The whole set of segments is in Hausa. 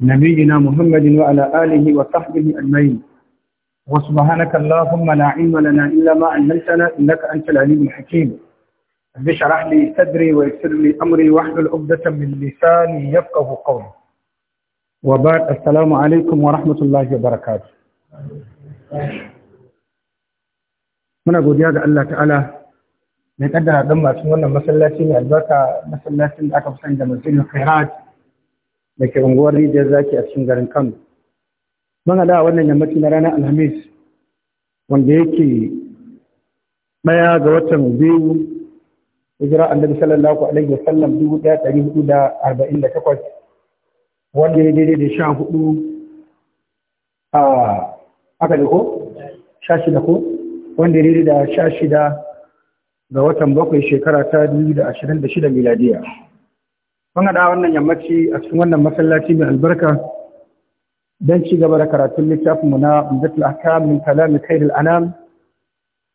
نبينا محمد وعلى آله وصحبه أجمعين وسبحانك اللهم لا علم لنا إلا ما علمتنا إنك أنت العليم الحكيم رب اشرح لي صدري ويسر لي أمري واحلل عقدة من لساني يفقه قولي وبعد السلام عليكم ورحمة الله وبركاته muna godiya ga Allah ta'ala da kaddara don masu wannan masallaci mai albarka masallacin da aka fi sani da masallacin khairat da ke unguwar rijiyar zaki a cikin garin kano mun haɗa wannan yammaci na ranar alhamis wanda yake ɗaya ga watan biyu hijira annabi sallallahu alaihi wa sallam dubu ɗaya ɗari hudu da arba'in da takwas wanda ya daidai da sha hudu a aka ko sha shida ko wanda ya daidai da sha shida ga watan bakwai shekara ta dubu da ashirin da shida miladiya mun haɗa wannan yammaci a cikin wannan masallaci mai albarka don ci gaba da karatun littafin mu na Umdatul Ahkam min kalam Khairul Anam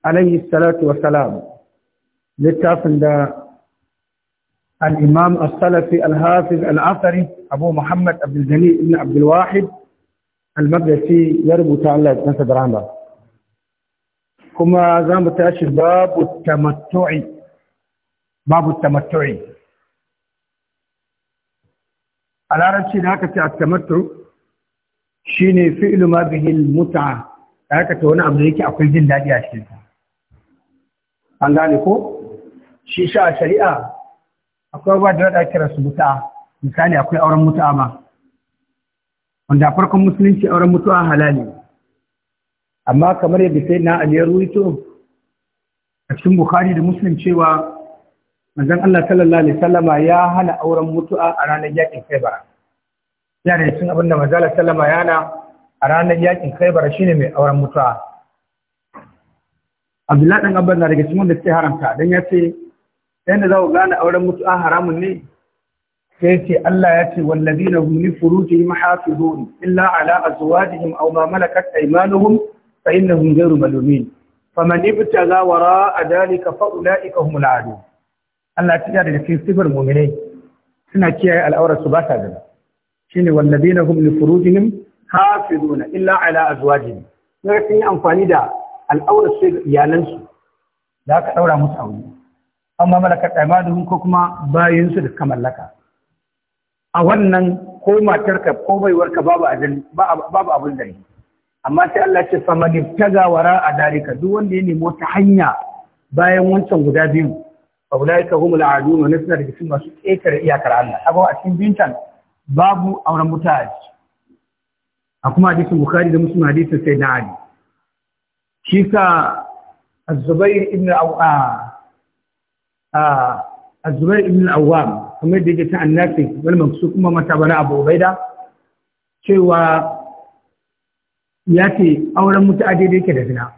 alayhi salatu wa salam littafin da al-Imam As-Salafi Al-Hafiz al Abu Muhammad Abdul Ghani ibn Abdul Wahid Al-Maqdisi ya rubuta Allah ya da rahama kuma za mu tashi babu tamattu'i babu tamattu'i a da aka ce at shine fi'lu ma bihi al-mut'a aka ta wani abu da yake akwai jin daɗi a cikin sa an gane ko shi sha shari'a akwai ba da rada kira su mut'a misali akwai auren mut'a ma wanda farkon musulunci auren mutuwa halali amma kamar yadda sai na aliyar ruwaito a cikin bukhari da muslim cewa manzon Allah sallallahu alaihi sallama ya hana auren mutu'a a ranar yakin Khaibar ya da cin abin da manzon Allah sallama ya hana a ranar yakin Khaibar shine mai auren mutu'a Abdullahi dan Abba na daga cikin wanda suke haramta dan ya ce yanda za ku gane auren mutu'a haramun ne sai ce Allah ya ce wallazina hum li furujihim hafizun illa ala azwajihim aw ma malakat aymanuhum fa innahum ghayru malumin faman ibtaga wara'a dhalika fa ulaika humul adun Allah ya tsaya daga cikin sifar mu'minai suna kiyaye al'aurar su ba ta gani shine walladina hum li furujihim hafizuna illa ala azwajihim sai sun yi amfani da al'aurar su ga iyalansu da aka daura musu aure amma malakat aymanuhum ko kuma su da suka mallaka a wannan ko matarka ko baiwarka babu ajin babu abun da amma sai Allah ce faman ibtaga wara a dalika duk wanda ya nemo ta hanya bayan wancan guda biyu fa ulaika humul adun wani suna da cikin masu ƙetare iyakar Allah abawa a cikin bintan babu auren mutane a kuma hadisin bukhari da muslim hadisin sai na ari. shi ka azubair ibn awwa azubair ibn kamar da yake ta annabi wal maksu kuma mata bana abu ubaida cewa ya ce auren mutu a daidai yake da zina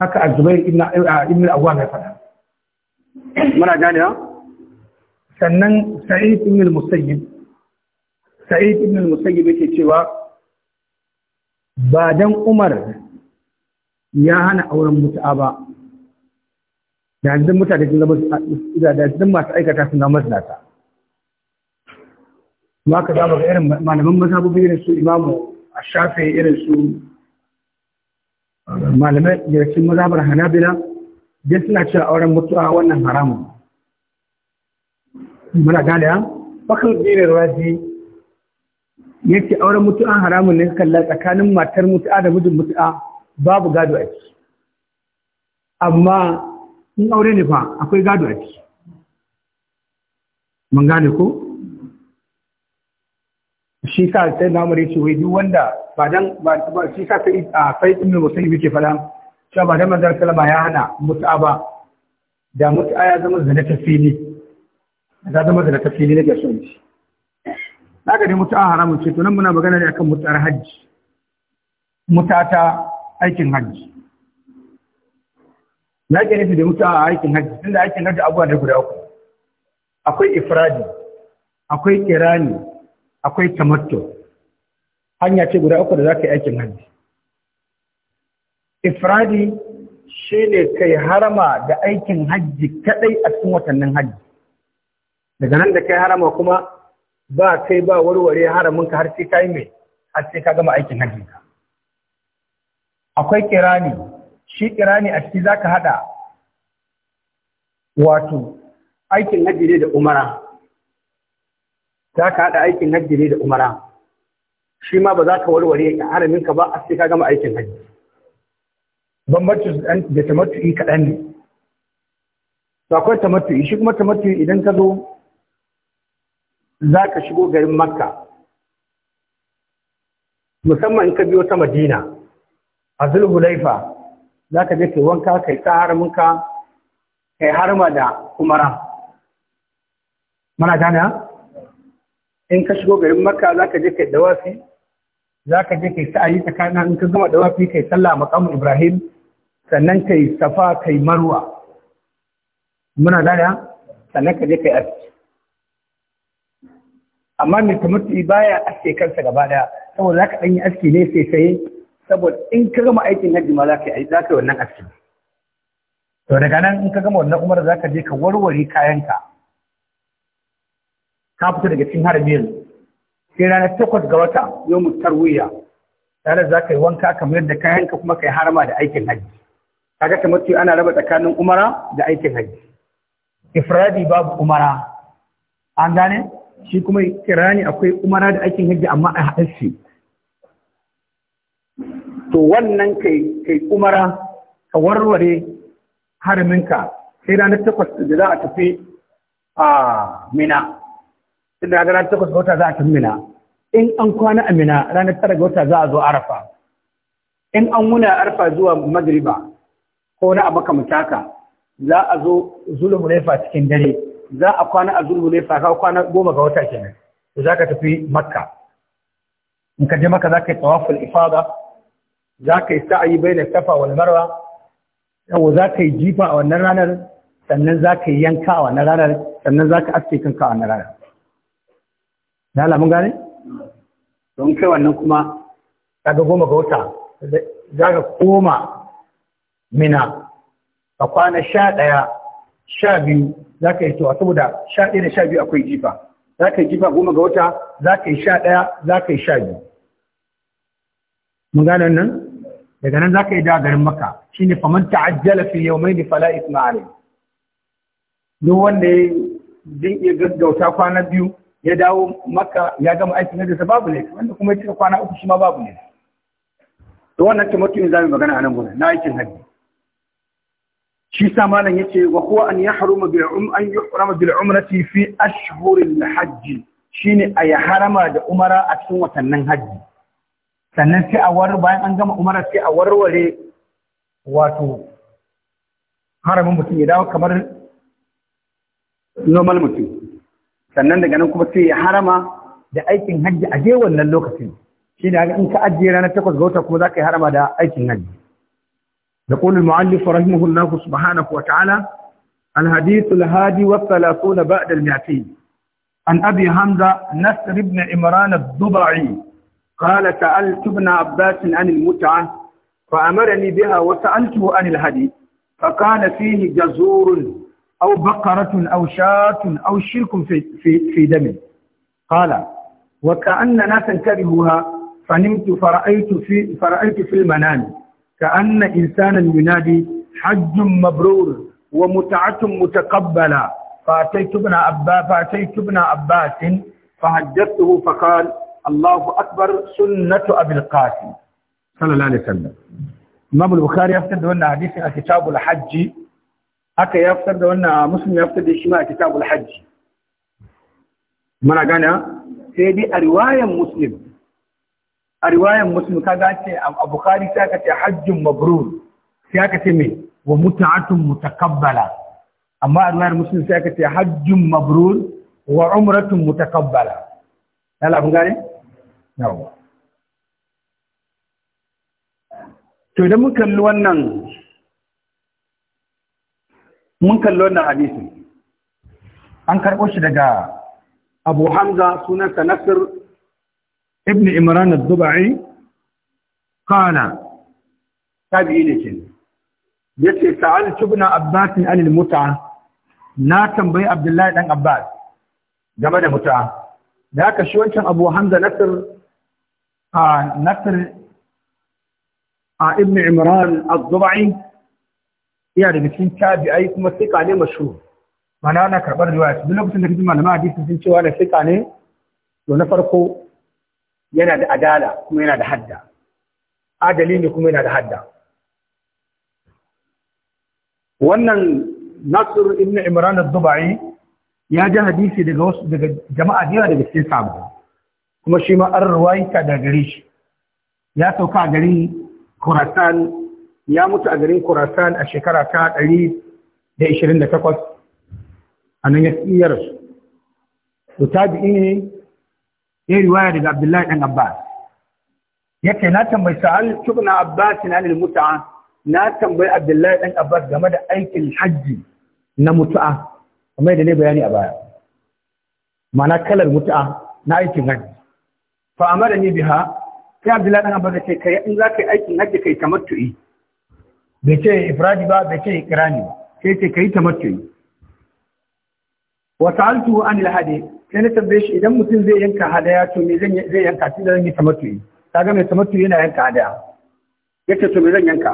haka azubair ibn awwam ya faɗa muna gane na? sannan sa'id ibn al-musayyib sa'id ibn al-musayyib yake cewa ba dan umar ya hana auren mutu'a ba da yanzu mutane sun zama da yanzu masu aikata sun zama mazinata ma ka zama ga irin malaman mazhabobi irin su imamu a shafe irin su eh, malamai da cikin mazhabar hanabila dai suna cewa auren mutuwa wannan haramun muna gane bakal dinin razi yake auren mutu'a haramun ne kalla tsakanin matar mutu'a da mijin mutu'a babu gado a ciki amma in aure ne fa akwai gado a ciki mun gane ko shi ka sai namare ce wai duk wanda ba dan ba shi sa sai a sai ibn musayyib yake fada cewa ba da manzar salama ya hana mutu'a ba da mutu'a ya zama zina ta fili da zama zina ta fili nake so shi haka mutu'a haramun ce to nan muna magana ne akan mutu'ar hajji mutu'a ta aikin hajji ya ke nufi da mutu'a a aikin hajji da aikin hajji abuwa da guda uku akwai ifradi akwai kirani akwai tamatto hanya ce guda uku da za ka yi aikin hajji ifradi shi ne kai harama da aikin hajji kadai a cikin watannin hajji daga nan da kai harama kuma ba kai ba warware ka har sai ka yi mai har sai ka gama aikin hajjinka akwai kirani shi kirani a ciki zaka hada wato aikin hajji ne da umara zaka hada aikin hajji ne da umara shi ma ba za ka warware ka ba har sai ka gama aikin hajji bambancin da tamattu'i kaɗan ne to akwai tamattu'i shi kuma tamattu'i idan ka zo za ka shigo garin makka musamman in ka biyo ta madina a zulhulaifa za ka je kai wanka kai tsaraminka kai harma da kumara mana gane in ka shigo garin makka za ka je kai dawafi za ka je kai sa'ayi tsakanin in ka gama dawafi kai sallah maqamu ibrahim sannan kai safa kai marwa muna gane sannan ka je kai aski amma mai tamutti baya aske kansa gaba daya saboda zaka dan yi aski ne sai sai saboda in ka gama aikin hajji ma ka yi zaka yi wannan aski to daga nan in ka gama wannan umar zaka je ka warware kayanka ka fita daga cikin harbi Sai sai ranar takwas ga wata yau mu tarwiya tare za ka yi wanka kamar yadda kayanka kuma ka yi harama da aikin hajji kaga kamar ce ana raba tsakanin umara da aikin haji ifradi babu umara an gane shi kuma kirani akwai umara da aikin haji amma a haɗar shi to wannan kai kai umara ka warware haraminka sai ranar takwas da za a tafi a mina Sai da ranar takwas ga wata za a tafi mina in an kwana a mina ranar tara ga wata za a zo arafa in an wuna arfa zuwa magriba ko na abu kamtaka za a zo zulhulaifa cikin dare za a kwana a zulhulaifa ka kwana goma ga wata kenan to za ka tafi makka in ka je makka za ka yi tawaful ifada za ka yi sa'ayi bai da safa wal marwa yau za ka yi jifa a wannan ranar sannan za ka yi yanka a wannan ranar sannan za ka aske kanka a wannan ranar na lamun gane don kai wannan kuma ga goma ga wata za ka koma mina ka kwana sha ɗaya sha biyu za ka yi to saboda sha ɗaya da sha biyu akwai jifa za ka yi jifa goma ga wata za ka yi sha ɗaya za ka yi sha biyu mun gane nan daga nan za ka yi da garin maka shi ne faman ta'ajjala fi yau mai fala isma Don duk wanda ya din iya gaggauta kwana biyu ya dawo maka ya gama aikin yadda babu ne wanda kuma ya cika kwana uku shi ma babu ne to wannan mu yi magana a nan gurin na aikin hajji shi sa malam yace wa kuwa an yi bil um an yuhrama bil umrati fi hajji. shi ne a ya harama da umara a cikin watannin hajji sannan sai a war bayan an gama umara sai a warware wato haramin mutum ya dawo kamar normal mutum sannan daga nan kuma sai ya harama da aikin hajji a je wannan lokacin shi ne in ka ajiye ranar takwas ga wata kuma za ka yi harama da aikin hajji يقول المعلف رحمه الله سبحانه وتعالى الحديث الهادي والثلاثون بعد المئتين عن أبي حمزة نسر بن عمران الضبعي قال سألت ابن عباس عن المتعة فأمرني بها وسألته عن الهدي فقال فيه جزور أو بقرة أو شاة أو شرك في, في, في دم قال وكأن ناسا كرهوها فنمت فرأيت في, فرأيت في المنام ka anna insanan yunadi hajjun mabrur wa muta'atun mutaqabbala fa ataitu ibn abba fa ataitu ibn fa hajjatuhu fa qala Allahu akbar sunnatu abil qasim sallallahu alaihi wasallam Imam al ya fitar da wannan hadisin a Kitabul Hajj haka ya fitar da wannan ya fitar da sai dai a riwayan Muslim a riwayan muslim kaga ce a bukari sai aka ce hajjun mabrur sai aka ce mai wa mut'atun mutakabbala amma a riwayar muslim sai aka ce hajjun mabrur wa umratun mutakabbala Ya kun gane yawa to idan mun kalli wannan mun kalli wannan hadisi an karɓo shi daga Abu Hamza sunansa Nasir ibn imran ad-dubai kana tabi'i ne ke yace sa'al ibn abbas an al-mut'a na tambayi abdullahi dan abbas game da mut'a da haka shi wancan abu hamza nasir a nasir a ibn imran ad-dubai iya daga cikin tabi'ai kuma sika ne mashhur mana ana karɓar riwaya duk lokacin da kaji malama hadisi sun cewa da sika ne to na farko yana da adala kuma yana da hadda adali ne kuma yana da hadda wannan nasir ibn imran az-zubai ya ji hadisi daga wasu daga jama'a da daga cikin sahabbai kuma shi ma an ruwaita daga gare shi ya sauka a garin Khurasan ya mutu a garin Khurasan a shekara ta 128 a nan ya tsiyar su tabi'i ne ya riwaya daga Abdullahi Ɗan Abbas ce na tambayi sa'al tubna Abbas na lil mutu’a, na tambayi Abdullahi Ɗan Abbas game da aikin hajji na mut'a kamar da ne bayani a baya ma'ana kalar mutu'a na aikin hajji fa da ni biha sai Abdullahi Ɗan Abbas ce, kai in za ka yi aikin hajji kai tamattu'i bai ce ifradi ba bai ce ikirani ba sai ce kai tamattu'i Wata altu an al sai na tambaye shi idan mutum zai yanka hadaya to me zai yanka tunda zan yi Ta ga mai tamattu'i yana yanka hadaya yace to me zan yanka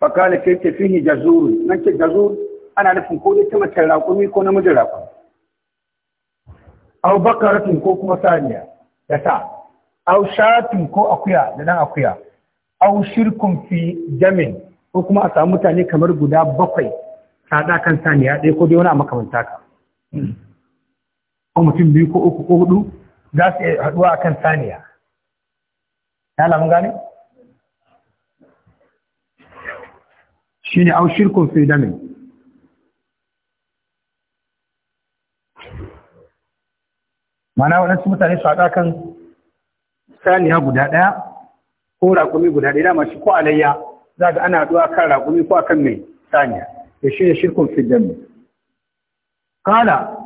fa kana kai ce fihi jazur nan ce jazur ana nufin ko dai ta mace raƙumi ko namijin raƙumi aw bakaratun ko kuma saniya da ta aw shatun ko akuya da nan akuya aw shirkun fi jamin ko kuma a samu mutane kamar guda bakwai ta kan saniya ɗaya ko dai wani a makamanta ka ko mutum biyu ko uku ko hudu za su iya haɗuwa a kan saniya ya lamun gane shi ne au shirkun fi damin mana waɗansu mutane su haɗa kan saniya guda ɗaya ko raƙumi guda ɗaya dama shi ko alayya za ga ana haɗuwa kan raƙumi ko akan mai saniya Ya shi ne shirkun fiddan mu kala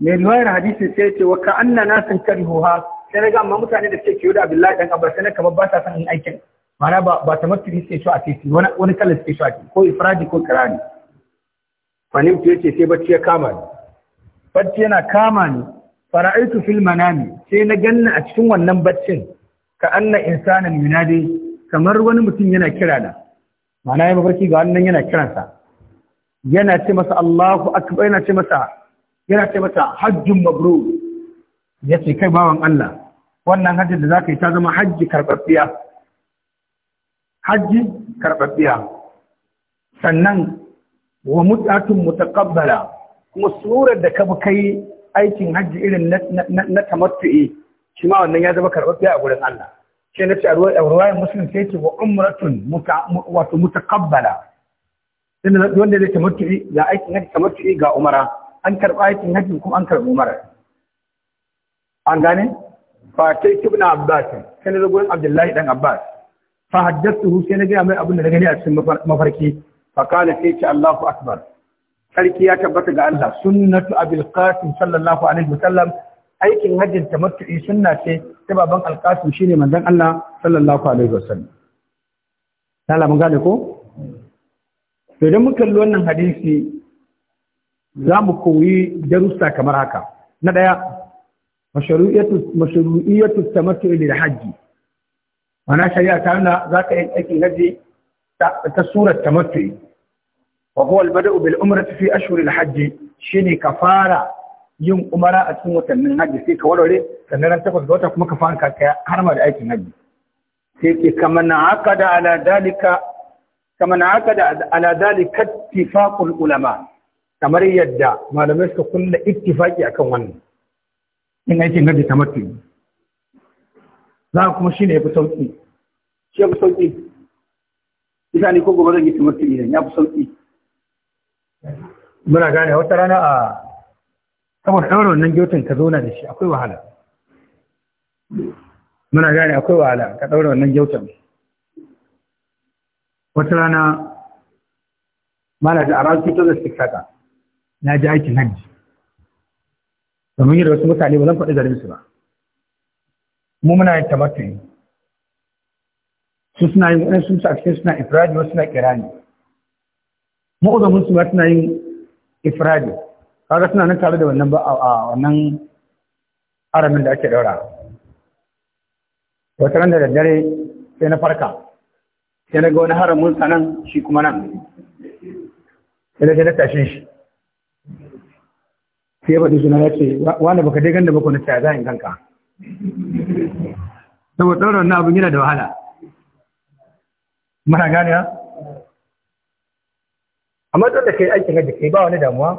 mai riwayar hadisi sai ce wa 'Ka'anna anna nasin karihuha sai na ga amma mutane da suke kiyo da Abdullahi dan abar sai kamar ba sa son aikin mana ba ba ta mafi suke so a titi wani wani kala suke so a titi ko ifradi ko kirani fanim ya ce sai bacci ya kama ni bacci yana kama ni fara'aitu fil manami sai na ganna a cikin wannan baccin ka anna insanan yunadi kamar wani mutum yana kira na mana ya mafarki ga wannan yana kiransa yana ce masa Allahu akbar yana ce masa yana ce mata hajjin mabru ya ce kai bawan Allah wannan hajji da za ka yi ta zama hajji karɓaɓɓiya hajji karɓaɓɓiya sannan wa mutatun mutakabbala kuma surar da ka bi kai aikin hajji irin na tamattu'i shi ma wannan ya zama karɓaɓɓiya a gurin Allah ke na ce a ruwayan musulun sai ce wa umratun wato mutakabbala wanda zai tamattu'i ga aikin hajji tamattu'i ga umara an karɓa aikin haji kuma an karɓi umara an gane fa sai ibn abbas sai na zagon abdullahi dan abbas fa hu sai na ga mai abin da na gani a cikin mafarki fa kana sai ce allahu akbar sarki ya tabbata ga Allah sunnatu abil qasim sallallahu alaihi wasallam aikin hajjin tamattu'i sunna ce ta baban alqasim shine manzan Allah sallallahu alaihi wasallam Sala mun gane ko Sai idan muka kalli wannan hadisi za mu koyi darussa kamar haka na ɗaya masharu'iyatu tamattu lil hajji mana shari'a ta nuna za ka yi aikin haji ta surar tamattu wa huwa al-bada'u bil umrati fi ashhur al-hajj shine ka fara yin umara a cikin watannin hajji sai ka warware sannan ran takwas ga wata kuma ka fara ka har ma da aikin haji. sai ke kama na aqada ala dalika kama ala dalika ittifaqul ulama kamar yadda malamai suka kulla ittifaki akan wannan in aikin gaji ta mafi za a kuma shi ne ya fi sauƙi shi ya fi sauƙi isa ne ko gobe zan yi ta mafi ne ya fi sauƙi muna gane wata rana a saboda ɗaura wannan gyotin ka zauna da shi akwai wahala muna gane akwai wahala ka ɗaura wannan gyotin wata rana mana da a ranar da haka na ji aikin hajji domin da wasu mutane ba zan faɗi garin su ba mu muna yin tamattu su suna yin waɗansu su a cikin suna ifradi wasu suna kirani ma'uzamin su ma suna yin ifradi kaga suna nan tare da wannan ba a wannan haramin da ake daura wata ran da daddare sai na farka sai na ga wani haramun sanan shi kuma nan sai na tashin shi sai ya faɗi suna ya ce wani baka dai ganda bako na ce a za'in kanka saboda ɗaura wannan abin yana da wahala mana gane ya? amma don da kai aikin hajji kai ba wani damuwa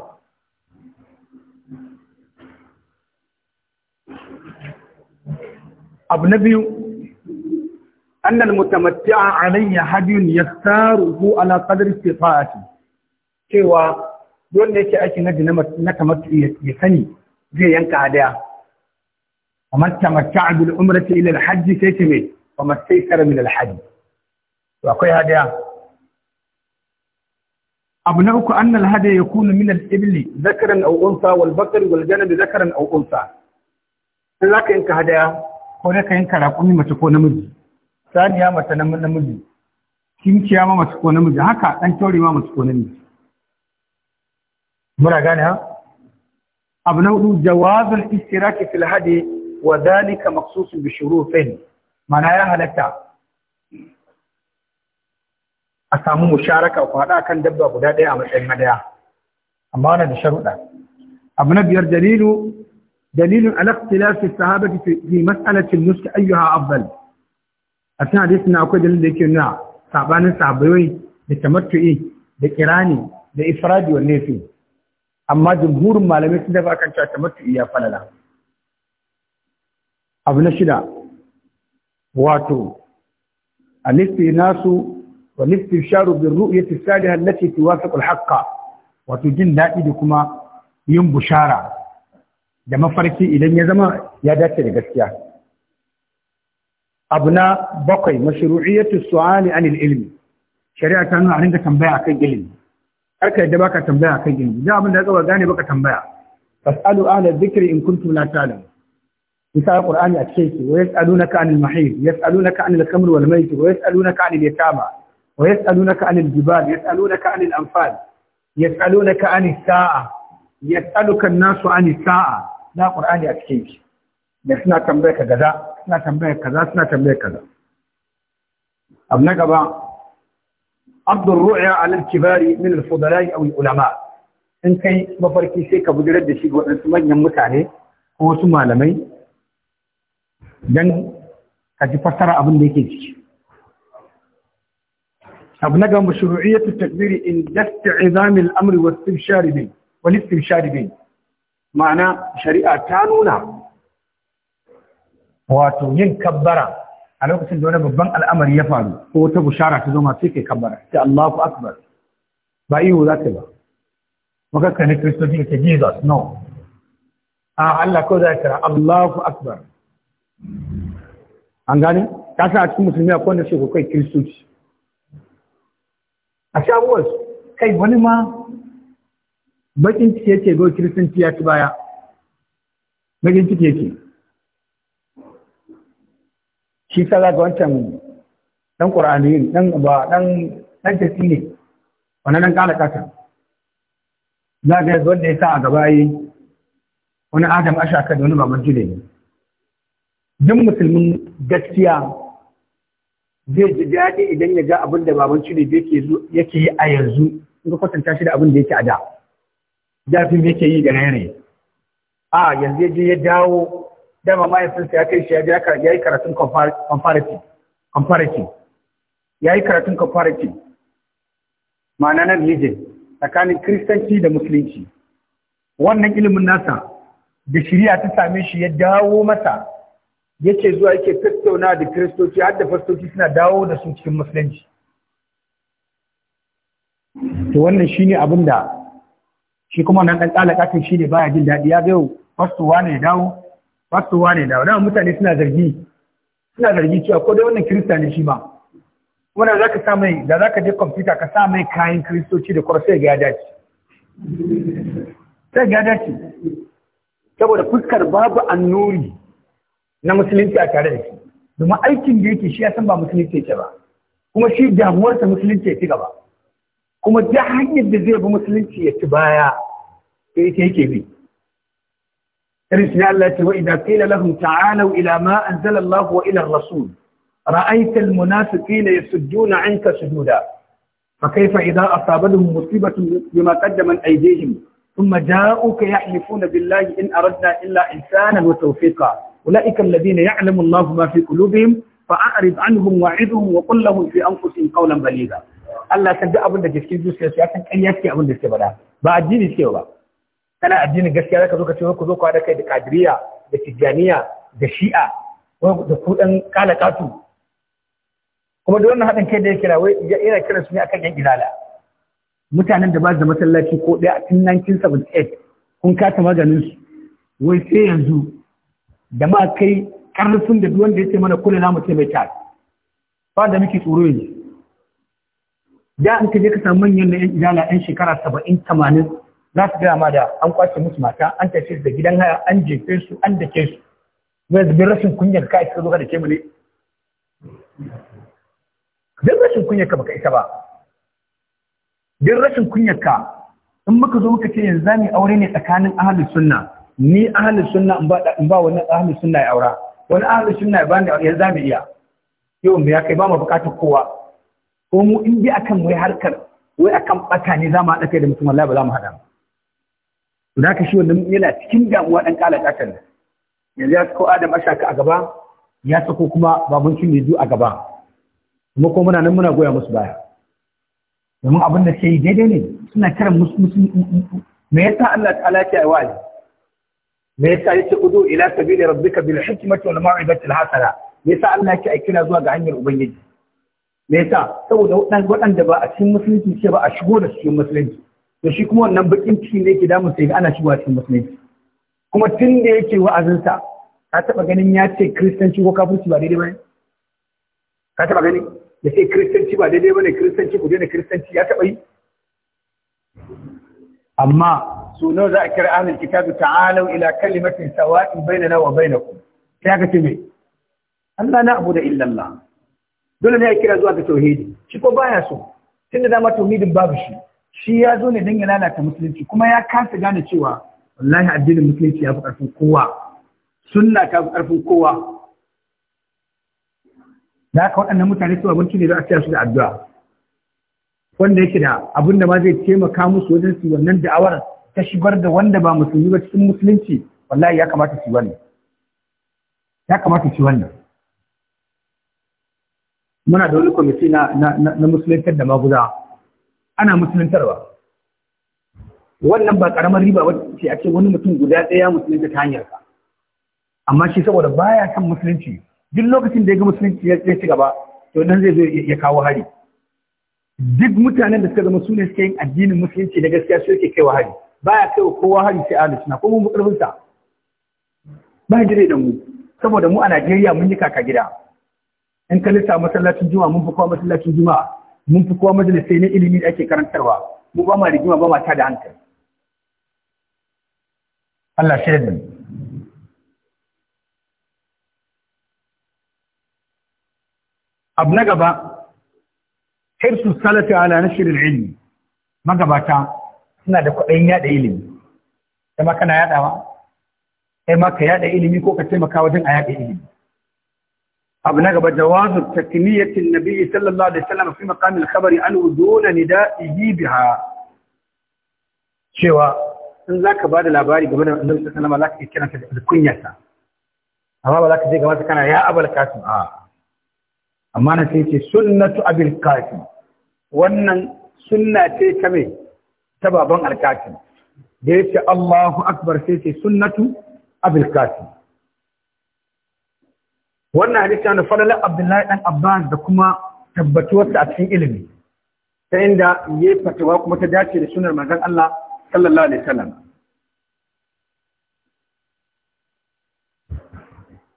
abu na biyu annal mutamatti'a alayya hadiyun yastaruhu ala qadri istita'ati cewa duk ne ke aikin haji na tamattu ya sani zai yanka hadaya amma tamatta abin umar ta al hajji sai ce mai wa mastaysara min al hajji to akwai hadaya abu na uku annal hada ya min al ibli zakaran al'unsa wal bakar wal da zakaran al'unsa. Sai za ka yanka hadaya ko ne ka yanka raƙumi mace ko namiji saniya mace namiji Kimciya ma mace ko namiji haka ɗan taure ma mace ko namiji muna gane ha abu na hudu jawazul istiraki fil hadi wa zalika maqsusun bi shurufin mana ya halatta a samu musharaka ku hada kan dabba guda daya a matsayin madaya amma wannan da sharuɗa abu na biyar dalilu dalilun ala ikhtilafi sahabati fi mas'alati nusk ayyuha afdal a cikin hadisi na akwai dalilin da yake nuna sabanin sahabbai da tamattu'i da kirani da ifradi wa nafi amma jumhurin malamai sun dafa kan cewa matu iya falala abu na shida wato alisti nasu wa listi sharu bin ru'yati salihah allati tuwafiqu al wato jin daɗi da kuma yin bushara da mafarki idan ya zama ya dace da gaskiya abu na bakwai mashru'iyatu su'ali anil ilmi shari'a ta nuna a ringa tambaya akan ilimi karka yadda baka tambaya kan ilimi da abin da ka gane baka tambaya fasalu ahla dhikri in kuntum la ta'lamun misal qur'ani a cikin shi wa yasalunaka anil mahid yasalunaka anil khamr wal maisir wa yasalunaka anil yatama wa yasalunaka anil jibal yasalunaka anil anfal yasalunaka anis sa'a yasaluka an-nasu anis sa'a da qur'ani a cikin shi da suna tambaya ka gaza suna tambaya kaza suna tambaya kaza abu na gaba abdur ru'ya Ali kibari min al fudala'i aw al ulama in kai mafarki sai ka bujirar da shi ga waɗansu manyan mutane ko wasu malamai dan ka ji fassara abin da yake ciki abu na ga mashru'iyyatu takbiri in dasta izamil amri wa istibshari bin wal ma'ana shari'a ta nuna wato yin kabbara a lokacin da wani babban al'amari ya faru ko wata bushara ta zo sai kai kabbara ta Allahu akbar ba iyo za ka ba maka kan kristoci ta Jesus no a Allah ko za ka Allahu akbar an gane ka san a cikin musulmi akwai wanda shi ko kai kristoci a sha wasu kai wani ma bakin ciki yake go kristanci ya ci baya bakin ciki yake shi ta za ga wancan ɗan ƙura'ani ɗan ba ɗan ɗan tafi ne wani ɗan ƙara ƙasa za ga yanzu wanda ya sa a gaba yi wani adam shaka da wani baban jire ne duk musulmin gaskiya zai ji daɗi idan ya ga abin da baban jire yake yi a yanzu in ka kwatanta shi da abin da yake a da fim yake yi da rairaye a yanzu ya je ya dawo dama mahaifinsa ya kai shi ya yi karatun comparative ya yi karatun comparative ma'ana na religion tsakanin kiristanci da musulunci wannan ilimin nasa da shirya ta same shi ya dawo masa yake zuwa yake tattauna da kiristoci har da fastoci suna dawo da su cikin musulunci to wannan shine abin da shi kuma nan ɗan kalaka shi ne, baya jin daɗi ya zai yau fasto wane ya dawo fastowa ne da wadannan mutane suna zargi suna zargi cewa ko dai wannan kirista ne shi ma za ka sa mai da za ka je kwamfuta ka sa mai kayan kiristoci da kwarar sai ga ya dace sai ga ya dace saboda fuskar babu annuri na musulunci a tare da shi domin aikin da yake shi ya san ba musulunci yake ba kuma shi damuwarsa musulunci ya ci kuma ta hanyar da zai bi musulunci ya ci baya ita yake bi Irisi ya Allah ce wa idan kai lalahun ta'ala wa ilama an zala wa ilan rasul. Ra'aitul munafiki ne ya sujju na an ka sujju da. Fa kai fa idan a sabadun musibatun bi ma kaddaman aidehim. Kun ma ja'u ka ya halifu na billahi in a radda illa in sana wa taufiƙa. Wula ikan labi ne ya alamu Allah ma fi kulubihim. Fa an arif an hun wa idun wa kullahun fi an kusin kaulan Allah san duk abinda da jiskin zuciya su ya san kanyar ke abin da suke bada. Ba a jini suke ba. kana addinin gaskiya zaka zo ka ce ku zo kwa da kai da kadiriya da tijjaniya da shi'a da ku kala kalakatu kuma da wannan haɗin kai da ya kira wai yana kira su ne akan yan ilala mutanen da ba da masallaci ko ɗaya a tun 1978 kun kata maganin su wai sai yanzu da ma kai sun da duwanda ya ce mana kula na mutum mai tas ba da muke tsoro yanzu da an ka je ka samu manyan na yan ilala yan shekara saba'in tamanin za su gaya ma da an kwace musu mata an tafi da gidan haya an jefe su an dake su wai zubin rashin kunyar ka isa zo ka dake mu ne duk rashin kunyar ka baka isa ba duk rashin kunyar ka in muka zo muka ce yanzu za mu aure ne tsakanin ahli sunna ni ahli sunna in ba in ba wani ahli sunna ya aura wani ahli sunna ya bani yanzu za mu iya yau mu ya kai ba mu bukatar kowa ko mu in bi akan wai harkar wai akan bata ne za mu haɗa kai da mutum wallahi ba za mu haɗa mu za ka shi wannan yana cikin damuwa dan kala takan yanzu ya sako Adam shaka a gaba ya sako kuma baban Chinedu a gaba kuma ko muna nan muna goya musu baya domin abin da ke yi daidai ne suna kiran musu musu me yasa Allah ta'ala ke wa'azi me yasa ce udu ila sabili rabbika bil hikmati wal mau'izati al hasana me yasa Allah ke kira zuwa ga hanyar ubangiji me yasa saboda waɗanda ba a cikin musulunci ce ba a shigo da cikin musulunci da shi kuma wannan bakin ciki ne yake damun sai ana shigowa cikin musulunci kuma tun da yake wa'azinsa ka taba ganin ya ce kristanci ko kafirci ba daidai ba ne ka taba gani ya ce kristanci ba daidai ba ne kristanci ku daina kristanci ya taba yi amma so nawa za a kira ahlul kitabu ta'alau ila kalimatin sawa'in bainana wa bainakum sai aka ce me Allah na abu da illallah dole ne ya kira zuwa ga tauhidi shi ko baya so tunda dama tauhidin babu shi shi ya zo ne don ya lalata musulunci kuma ya kasa gane cewa wallahi addinin musulunci ya fi ƙarfin kowa sunna ta fi ƙarfin kowa da aka waɗannan mutane su abinci ne za a tsaya su da addu'a wanda yake da abin da ma zai taimaka musu wajen su wannan da'awar ta shigar da wanda ba musulmi ba cikin musulunci wallahi ya kamata su wannan ya kamata su wannan muna da wani kwamiti na na na musulunci da maguza ana musuluntarwa wannan ba ƙaramar riba ba ce a ce wani mutum guda ɗaya musulunta ta hanyar ka amma shi saboda baya son musulunci duk lokacin da ya ga musulunci ya ci gaba to nan zai zo ya kawo hari duk mutanen da suka zama su ne suke yin addinin musulunci da gaskiya su yake kaiwa hari baya kaiwa kowa hari sai ahlus suna ko mun mu sa ba jire da mu saboda mu a Najeriya mun yi kaka gida in ka lissa masallacin juma'a mun fi kowa masallacin juma'a mun fi kowa sai na ilimi da ake karantarwa mu ba ma rigima ba ma ta da hankali Allah shi da abu na gaba hirsu salatu ala nashr al-ilm magabata suna da kwaɗayin yada ilimi ma kana yadawa kai ma ka yada ilimi ko ka taimaka wajen a yada ilimi abu na gaba jawazu takmiyatin nabi sallallahu alaihi wasallam fi maqamil khabari an wuduna nida'ihi biha cewa in zaka bada labari game da annabi sallallahu alaihi wasallam zaka kira ta da kunyarsa amma ba zaka je game da kana ya abul kasim a amma na sai ce sunnatu abul kasim wannan sunna ce ta me ta baban alkasim da yace Allahu akbar sai ce sunnatu abul kasim wannan hadisi yana falalar abdullahi dan abbas da kuma tabbatuwarsa a cikin ilimi ta inda yayi fatawa kuma ta dace da sunar manzon Allah sallallahu alaihi wasallam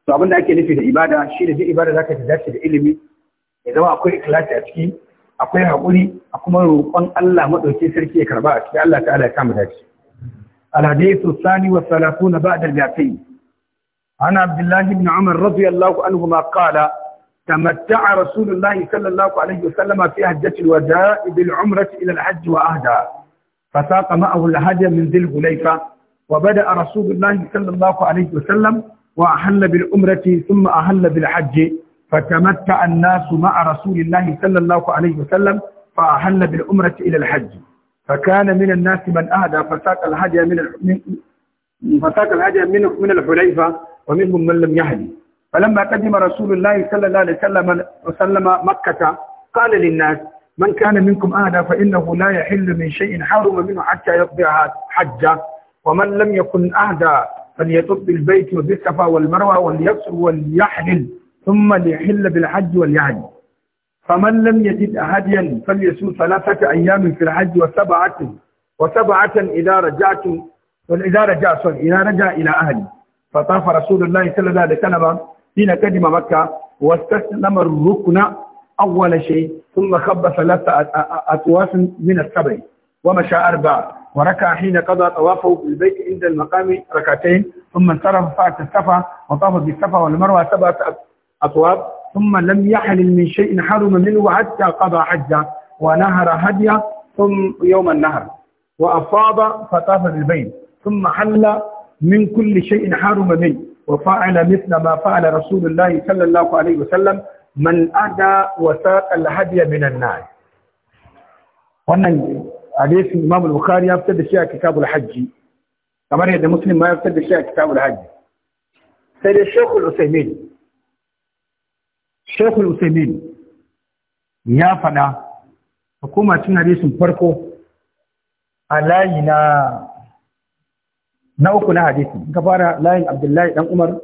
to abinda ake nufi da ibada shi da ibada zaka ta dace da ilimi ya zama akwai ikhlasi a ciki akwai haƙuri a kuma roƙon Allah madauki sarki ya karba a cikin Allah ta'ala ya kama dace al hadithu thani wa thalathuna ba'da al عن عبد الله بن عمر رضي الله عنهما قال تمتع رسول الله صلى الله عليه وسلم في حجة الوداع بالعمرة إلى الحج وأهدى فساق معه الهدي من ذي الحليفة وبدأ رسول الله صلى الله عليه وسلم وأحل بالعمرة ثم أحل بالحج فتمتع الناس مع رسول الله صلى الله عليه وسلم فأحل بالعمرة إلى الحج فكان من الناس من أهدى فساق الهدي من فساق الهدي من من الحليفة ومنهم من لم يهدي فلما قدم رسول الله صلى الله عليه وسلم وسلم مكة قال للناس من كان منكم أهدا فإنه لا يحل من شيء حرم منه حتى يقضي حجة ومن لم يكن أهدا فليطب البيت وبالصفا والمروة وليكسر وليحلل ثم ليحل بالحج واليعد فمن لم يجد هديا فليسوء ثلاثة أيام في الحج وسبعة وسبعة إذا رجعتم وإذا رجع إذا رجع إلى أهله فطاف رسول الله صلى الله عليه وسلم حين قدم مكة واستسلم الركن أول شيء ثم خب ثلاث أطواف من السبع ومشى اربع وركع حين قضى طوافه في البيت عند المقام ركعتين ثم انصرف فات السفا وطاف بالسفا والمروة سبعة أطواف ثم لم يحلل من شيء حرم منه حتى قضى حجه ونهر هديه ثم يوم النهر وأفاض فطاف بالبيت ثم حل min كل شيء haruma min wa مثل ما فعل رسول الله صلى الله عليه وسلم من أدى وساق الهدي من min wannan hadisi Imam bukhari ya fitar da shi a kitabul hajji kamar yadda Muslim ma ya fitar da shi a kitabul hajji sai da Sheikh al Sheikh al ya hadisin farko a na uku na hadisi ka fara layin abdullahi dan umar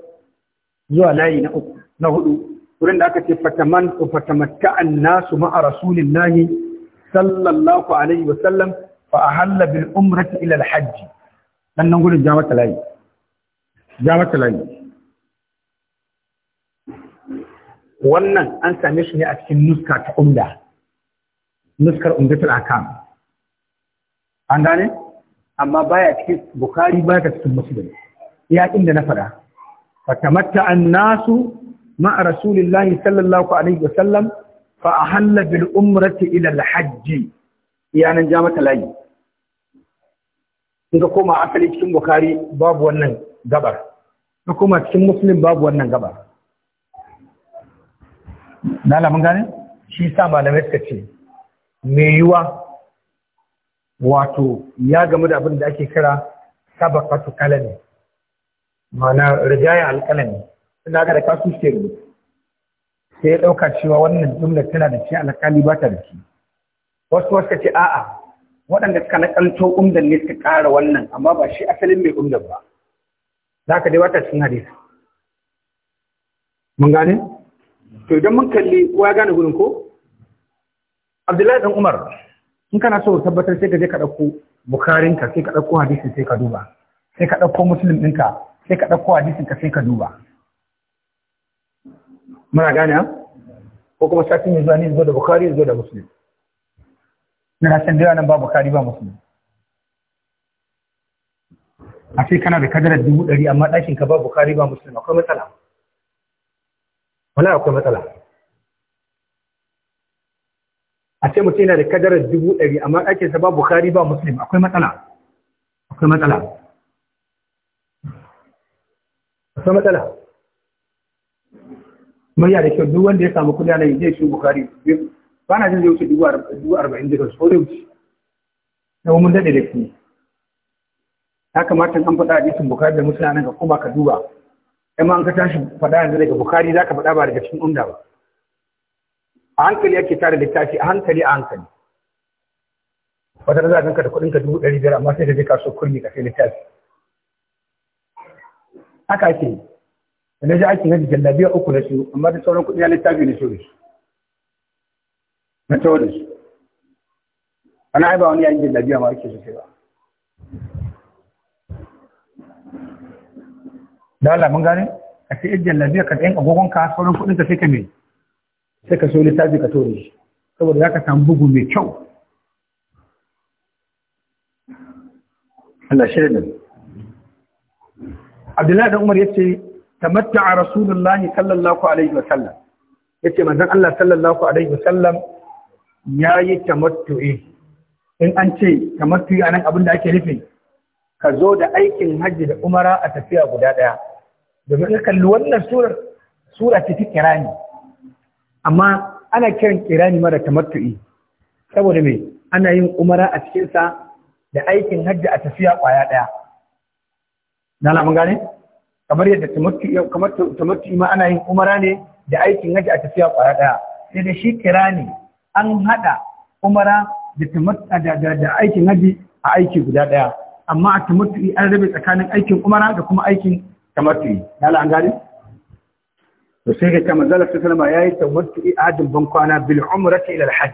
zuwa layi na uku na hudu wurin da aka ce fataman fatamatta annasu ma'a rasulillahi sallallahu alaihi wa sallam fa ahalla bil umrati ila al hajj dan nan gurin jama'a layi jama'a layi wannan an same shi ne a cikin nuska ta umda nuskar umdatul akam an gane amma baya cikin bukari ba ta cikin muslim ya inda na faɗa fatamatta an nasu ma'a rasulillahi sallallahu alaihi wa sallam fa ahalla bil umrati ila al Ya nan ja mata layi in ka koma asali cikin bukari babu wannan gabar ka koma cikin muslim babu wannan gabar na lamun gane shi sa malamai suka ce me yiwa wato ya gamu da abin da ake kira sabaqatu qalami mana rigaya alqalami suna ga da kasu ce rubutu sai ya dauka cewa wannan jumla tana da shi alkali ba ta da shi wasu wasu ce a'a waɗanda suka na ƙanto umdan ne suka ƙara wannan amma ba shi asalin mai umdan ba za ka dai ta cin hadisi mun gane to idan mun kalli kowa gane gudun ko abdullahi dan umar in kana so tabbatar sai ka je ka ɗauko bukarin ka sai ka ɗauko hadisin sai ka duba sai ka ɗauko muslim ɗinka sai ka ɗauko hadisin ka sai ka duba muna gane ko kuma sati mai zuwa ni zo da bukari zo da muslim na san da nan ba bukari ba Musulmi. a sai kana da kadarar dubu ɗari amma ɗakin ka ba bukari ba Musulmi akwai matsala wala akwai matsala a ce mutum yana da kadarar dubu ɗari amma ake sa ba bukari ba muslim akwai matsala akwai matsala akwai matsala murya da kyau duk wanda ya samu kudi ana zai shi bukari ba na jin zai wuce dubu arba'in da su zai wuce na mun daɗe da su ya kamata an faɗa a jikin bukari da muslim nan ka koma ka duba amma an ka tashi faɗa yanzu daga bukari za ka faɗa ba daga cikin umda ba a hankali ake da littafi a hankali a hankali wata za ka da kuɗin ka dubu ɗari biyar amma sai ka zai kaso kurmi ka sai littafi haka ake yi na ji aikin jalla jallabiya uku na shiru amma da sauran kuɗi na littafi na shiru na tawo da shi ana haifa wani yayin jallabiya ma ake sosai ba da Allah mun gane a ce jalla jallabiya ka ɗan agogon ka sauran kuɗin ka sai ka mai sai ka so littafi ka tore shi saboda za ka samu bugu mai kyau Allah ne Abdullahi da Umar yace tamatta'a Rasulullahi sallallahu alaihi wa sallam yace manzon Allah sallallahu alaihi wa sallam yayi tamattu'i in an ce tamattu'i anan abin da ake nufi ka zo da aikin hajji da umara a tafiya guda ɗaya domin ka kalli wannan surar sura ce ta kirani amma ana kiran kirani mara tamattu'i saboda me ana yin umara a cikinsa da aikin hajji a tafiya kwaya ɗaya na lamun gane kamar yadda tamattu'i ma ana yin umara ne da aikin hajji a tafiya kwaya ɗaya sai da shi kirani an haɗa umara da aikin hajji a aiki guda ɗaya amma a tamattu'i an rabe tsakanin aikin umara da kuma aikin tamattu'i na lamun gane to sai ga kamar zalar ta salama ya yi tawattu i'adin ban kwana bil umrati ila al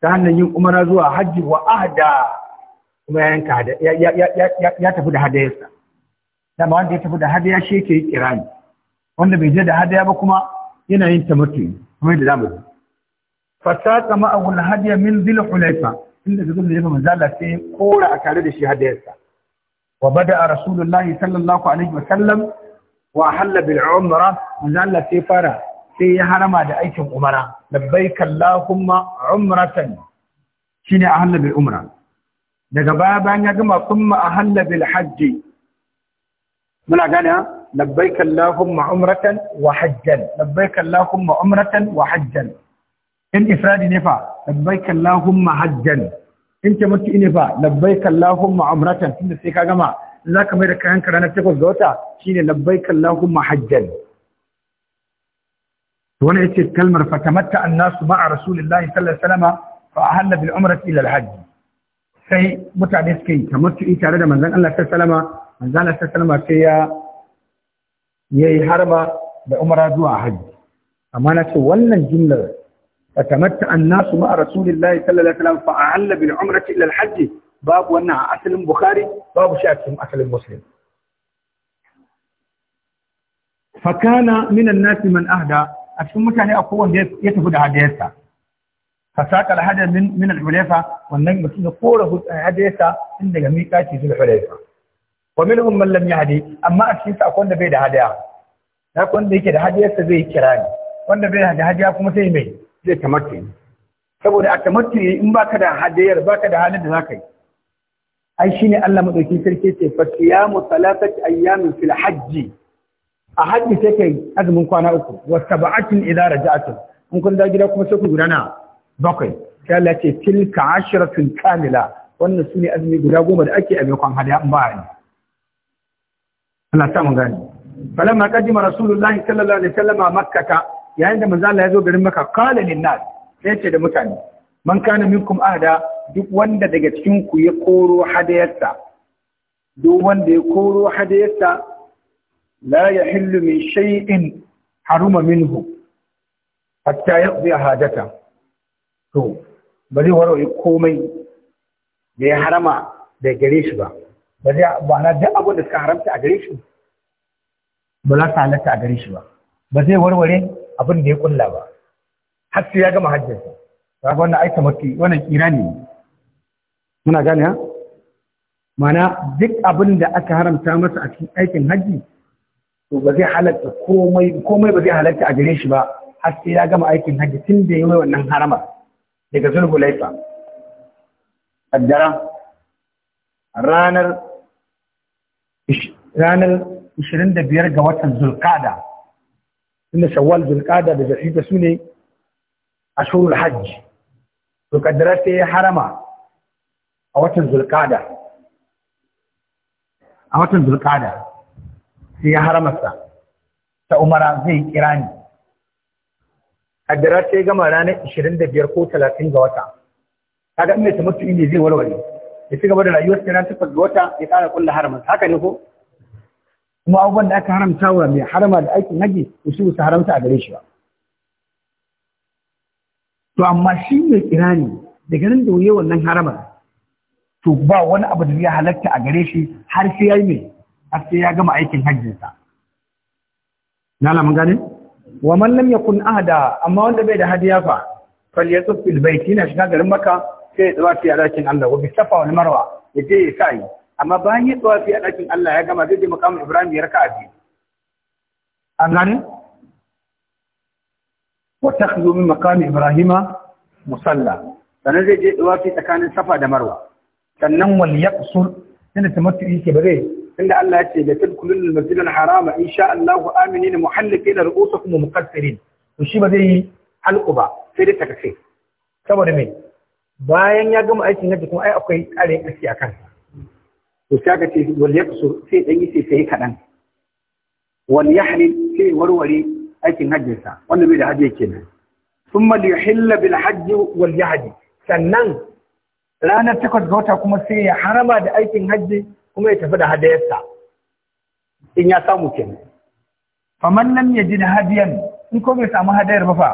ta hannun yin umara zuwa hajji wa ahda kuma ya yanka ya tafi da hadayarsa dama wanda ya tafi da hadaya shi yake yi kirani wanda bai je da hadaya ba kuma yana yin tamattu kuma da zamu ji fasaka ma'ahu al-hadiya min dhil hulaifa inda zai zama manzo Allah sai kora a tare da shi hadayarsa wa bada rasulullahi sallallahu alaihi wa sallam wa halla bil umra manzo Allah sai ya harama da aikin umara labbaika allahumma umratan shine ahalla bil umra daga baya bayan ya gama kuma a bil hajji muna gane labbaika umratan wa hajjan labbaika allahumma umratan wa in ifradi ne mutu inifa. fa labbaika umratan tunda sai ka gama za ka mai da kayan ka ranar takwas ga wata shine labbaika Allahumma hajjan wani yace kalmar fatamatta annasu ma'a rasulillahi sallallahu alaihi wasallam fa ahalla bil umrati ila al hajj sai mutane suka yi tamattu'i tare da manzon Allah sallallahu alaihi manzon Allah sallallahu sai ya yayi harba da umra zuwa hajji amma na ce wannan jumlar fatamatta annasu ma'a rasulillahi sallallahu alaihi wasallam fa ahalla bil umrati ila al hajj babu wannan a asalin bukhari babu shi a cikin asalin muslim fakana minan nasi man ahda a cikin mutane a kowanne ya tafi da hadayarsa fasaka alhada min min al-hulayfa wannan mutum ya kora hadayarsa tun daga miƙaci zuwa hulayfa wa minhum man lam yahdi amma a cikin sa akwai wanda bai da hadaya da wanda yake da hadayarsa zai kira ni wanda bai da hadaya kuma sai mai zai tamattu saboda a tamattu in baka da hadayar baka da halin da zaka yi ai shine Allah madauki sarki ce fa siyamu salatati ayyamin fil hajji a hajji sai kai azumin kwana uku wa sab'atin idza raja'tum in kun da gida kuma sai ku gudana bakwai sai Allah ce tilka asharatun kamila wannan sune azumi guda goma da ake a maimakon hada in ba ni Allah ta mu gani falamma qadima rasulullahi sallallahu alaihi wasallam makkata yayin da manzo Allah ya zo garin makka qala lin nas sai ce da mutane man kana minkum ahda duk wanda daga cikin ku ya koro hadayarsa duk wanda ya koro hadayarsa la hillu min shay'in haruma minhu hatta yaqdi hadata. to ba zai warware komai da ya harama da gare shi ba ba zai ba na duk abin da suka haramta a gare shi ba za su halatta a gare shi ba ba zai warware abin da ya kulla ba har sai ya gama hajjarsa ba wannan aika mafi wannan kira ne muna gane ha mana duk abin da aka haramta masa a cikin aikin haji to ba zai halatta komai komai ba zai halatta a gare shi ba har sai ya gama aikin haji tun da ya yi wannan harama daga zulhu laifa addara ranar ranar 25 ga watan zulkada tunda shawwal zulkada da zulhijja su ne ashurul hajji to kaddara sai harama a watan zulkada a watan zulkada sai ya haramarsa ta umara zai kira ni addara ta gama ranar 25 ko 30 ga wata kaga in mai tamattu ne zai warware ya ci gaba da rayuwar sai ran takwas ga wata ya tsara ƙulla haramarsa haka ne ko kuma abubuwan da aka haramta wa mai harama da aikin haji su su haramta a gare shi ba to amma shi mai kirani daga nan da wuye wannan haramar to ba wani abu da zai halatta a gare shi har sai ya yi mai har sai ya gama aikin hajjinsa na lamun gani? wa man lam yakun ahada amma wanda bai da hadiya fa falyatuf fil bait yana shiga garin makka sai ya tsawafi a dakin Allah wa bi safa wal marwa ya je ya sai amma bayan ya tsawafi a dakin Allah ya gama zai je makamin Ibrahim ya raka'a biyu an gani? wa takhzu min makam Ibrahim musalla sanan zai je tsawafi tsakanin safa da marwa sannan wal yaqsur inda tamattu'i ke bare inda Allah ya ce da tadkhulul masjidal harama insha Allah aminina muhalliqina ru'usakum muqassirin to shi ba zai yi halqu ba sai dai takace saboda me bayan ya gama aikin yadda kuma ai akwai ƙarin aski a kansa to sai aka ce wal yaqsur sai dan yi sai sai kadan wal yahlil sai warware aikin hajjinsa wanda bai da hajji kenan ثم ليحل بالحج واليهدي sannan ranar takwas ga wata kuma sai ya harama da aikin hajji kuma ya tafi da hadayarsa in ya samu kenan faman ji da hadiyan in ko bai samu hadayar ba fa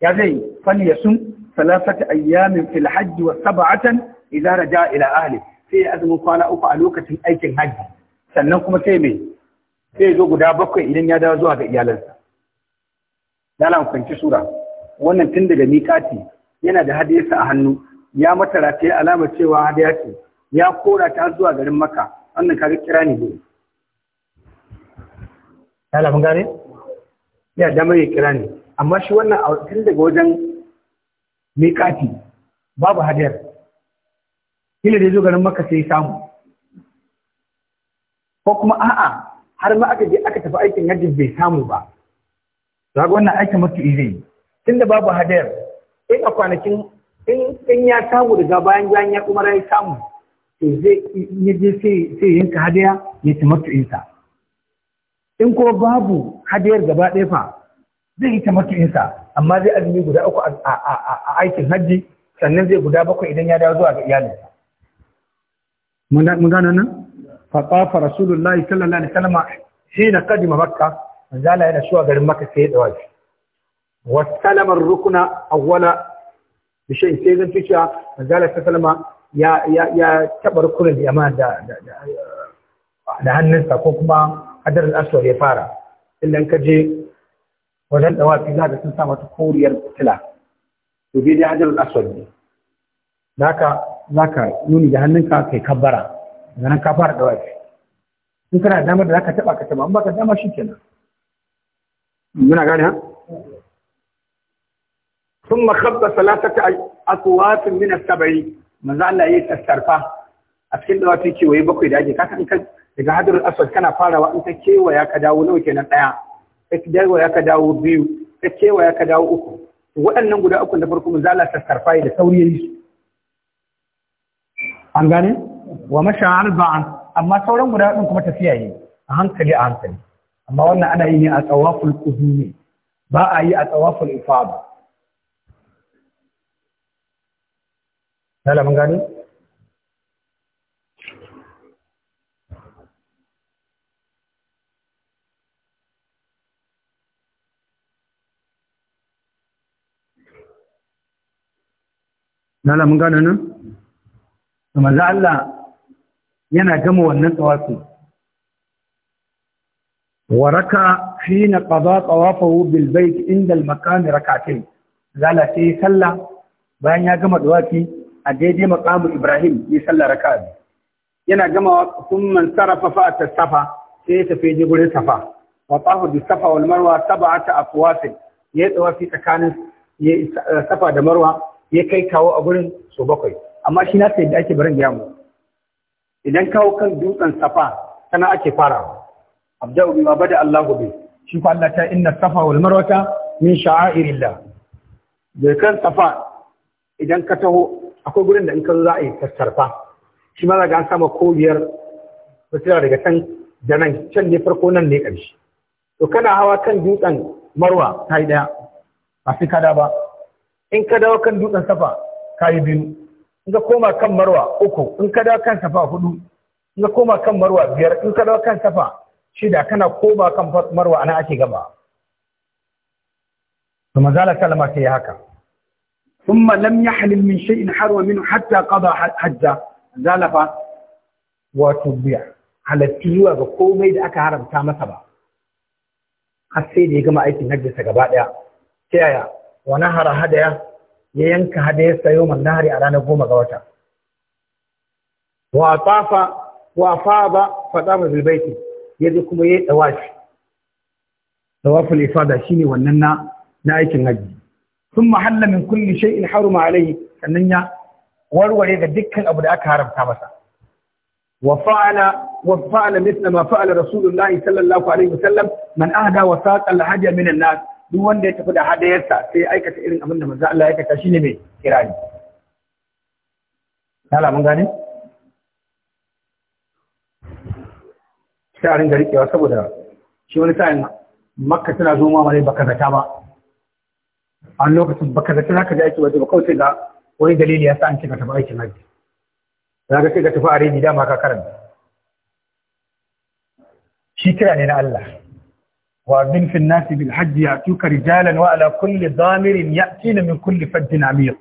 ya zai fani ya sun salasata ayyamin fil hajji wa sab'atan idza raja ila ahli sai ya azumin kwana uku a lokacin aikin hajji sannan kuma sai mai sai zo guda bakwai idan ya dawo zuwa ga iyalansa Yalan kwanci sura wannan tun daga mikati yana da hadiyarsa a hannu ya mata yi alama cewa ya ce ya kora ta zuwa garin maka wannan kaga kira ne ne ya lafin gane ya damar ya kira ne amma shi wannan a tun daga wajen miƙati babu hadiyar kila da zo garin maka sai samu ko kuma a'a har ma aka je aka tafi aikin hajji bai samu ba zaga wannan aikin mutu izini Tun da babu hadiyar in a kwanakin in ya samu daga bayan bayan ya umara ya samu to zai je sai yanka hadiya ya tamattu'insa in kuma babu hadiyar gaba ɗaya fa zai yi tamattu'insa amma zai azumi guda uku a aikin hajji sannan zai guda bakwai idan ya dawo zuwa ga iyalinsa mun gano nan fa qafa rasulullahi sallallahu alaihi wasallam hina qadima makka manzala yana shuwa garin makka sai ya dawo wa sallama rukuna awwala da shi sai zan tuciya manzala ta salama ya taɓa rukunin da yamma da hannunsa ko kuma hadar al'aswar ya fara illan ka je wajen dawafi za ka sun sa mata koriyar fitila to bai dai hadar al'aswar ne za ka nuni da hannunka kai kabbara daga nan ka fara dawafi in kana da damar da za ka taɓa ka taɓa in ba ka dama shi kenan muna gane ha makabba خبط ta أصوات من السبع manzo Allah yi tattarfa a cikin dawafi kewaye bakwai da ake ka san ka daga hadarul aswad kana farawa in ka kewaya ka dawo nawa kenan daya ka kewaya ka dawo biyu ka kewaya ka dawo uku waɗannan guda uku da farko manzo Allah tattarfa da sauri yayi su an gane wa masha arba'an amma sauran guda din kuma tafiya yi a hankali a hankali amma wannan ana yi ne a tsawaful qudumi ba a yi a tsawaful ifada Dala mengani. Dala mengani nan. Kuma za Allah yana gama wannan tsawafi. Waraka fi na ƙaza tsawafawo bilbaik inda makami raka ce. Zala ce sallah bayan ya gama tsawafi a daidai maqamu Ibrahim ya sallar raka'a yana gamawa thumma sarrafa fa Safa sai ya tafi je gurin safa wa tafa bi safa wal marwa sab'ata afwas ya yi tsawafi tsakanin eh, safa da marwa ya kai kawo a gurin so bakwai amma shi na sai da ake barin ya idan kawo kan dutsen safa sana ake farawa Abdullahi bima bada Allahu bi shi ko Allah ta inna safa wal marwata min sha'airillah da kan safa idan ka taho akwai gurin da in ka za a yi tattarfa shi ma za ga an sama kogiyar basira daga can da nan can ne farko nan ne ƙarshe to kana hawa kan dutsen marwa ta yi ɗaya ba sai kada ba in ka dawo kan dutsen safa ka yi biyu in ka koma kan marwa uku in ka dawo kan safa hudu in ka koma kan marwa biyar in ka dawo kan safa shida kana koma kan marwa ana ake gaba to manzala sallama sai ya haka ثم لم يحلم من شيء حرم منه حتى قضى حجه zalafa wato biya halatti zuwa ga komai da aka haramta masa ba har sai da ya gama aikin hajjinsa gaba ɗaya ta yaya wani hara hadaya ya yanka hadaya sayo man nahari a ranar goma ga wata wa tafa wa faba fadama bil baiti yaje kuma yayi dawashi tawaful ifada shine wannan na na aikin hajji sun mahalla min kulli in haruma alayhi sannan ya warware da dukkan abu da aka haramta masa wa fa'ala wa fa'ala mithla ma fa'ala rasulullahi sallallahu alaihi wasallam man ahda wa saqa al-hadiya min an-nas duk wanda ya tafi da hadayarsa sai aikata irin abin da manzo Allah ya aikata shine mai kirani Nala mun gane? Sai a ringa riƙewa saboda shi wani sa'in makka tana zo ma mare baka zata ba. a lokacin baka zaci za ka ji aiki waje ba kawai sai ga wani dalili ya sa an ce ka tafi aikin haji za ka sai ka tafi a rediyo dama ka karanta shi kira ne na Allah وأذن في الناس بالحج يأتوك رجالا وعلى كل ضامر يأتين من كل فج عميق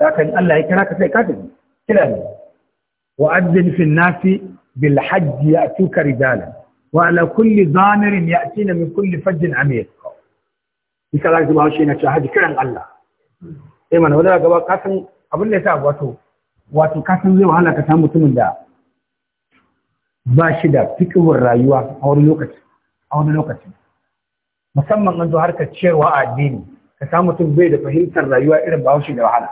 لكن الله يكراك سيكاتب كلامي وأذن في الناس بالحج يأتوك رجالا وعلى كل ضامر يأتين من كل فج عميق isa za ka zuba haushe na cewa haji kiran Allah sai eh, mana wani gaba kasan abin da ya sa wato wato kasan zai wahala ka samu mutumin da ba shi da fikirin rayuwa a wani lokaci a wani lokaci musamman an zo harkar ciyarwa a addini ka samu mutum bai da fahimtar rayuwa irin ba da wahala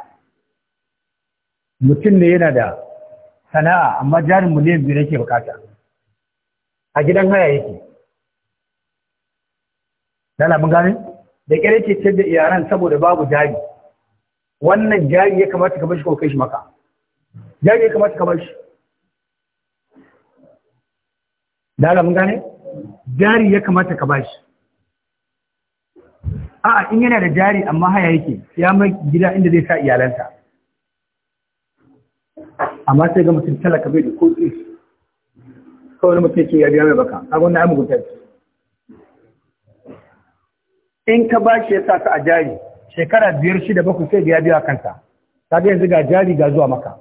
mutum ne yana da sana'a amma jarin miliyan biyu yake bukata a gidan haya yake mun gane da kyar yake ciyar da iyalan saboda babu jari wannan jari ya kamata ka bashi ko kai shi maka jari ya kamata ka bashi da mun gane jari ya kamata ka bashi a'a in yana da jari amma haya yake ya mai gida inda zai sa iyalansa amma sai ga mutum talaka bai da ko tsiri kawai mutum ke ya mai baka abin da ya mugunta ce in ka ba shi ya sa ka a jari shekara biyar shi da bakwai sai biya biya kanta, ta ga yanzu ga jari ga zuwa maka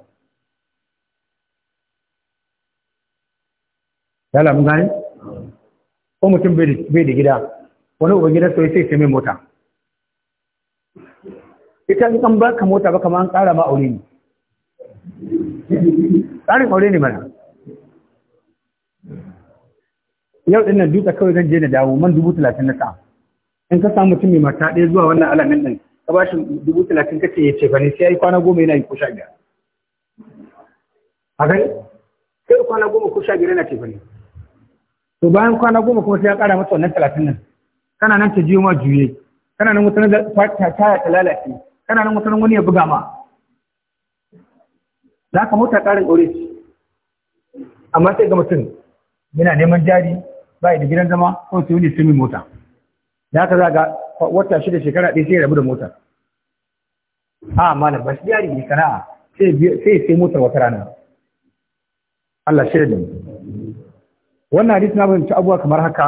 ya lamu gani ko mutum bai da gida wani uba gida sai sai mai mota ita in an baka mota ba kamar an ƙara ma aure ne tsarin aure ne mana yau ɗin nan dutse kawai zan je na dawo man dubu talatin na sa'a in ka samu mutum mai mata ɗaya zuwa wannan alamin ɗin ka ba shi dubu talatin kace ya ce fani sai ya yi kwana goma yana yi ko sha biyar a gani sai kwana goma ko sha biyar yana ce fani. to bayan kwana goma kuma sai ya ƙara masa wannan talatin nan kana nan ta jiyo ma juye kana nan wata ta taya ta lalace kana nan wata wani ya buga ma za ka mota ƙarin aure shi? amma sai ga mutum yana neman jari ba da gidan zama ko sai wani sai mota da aka za ga wata shida shekara ɗaya sai rabu da motar a mana ba shi yari ne sana'a sai sai motar wata rana Allah shirya da mu wannan hadisi na fahimci abubuwa kamar haka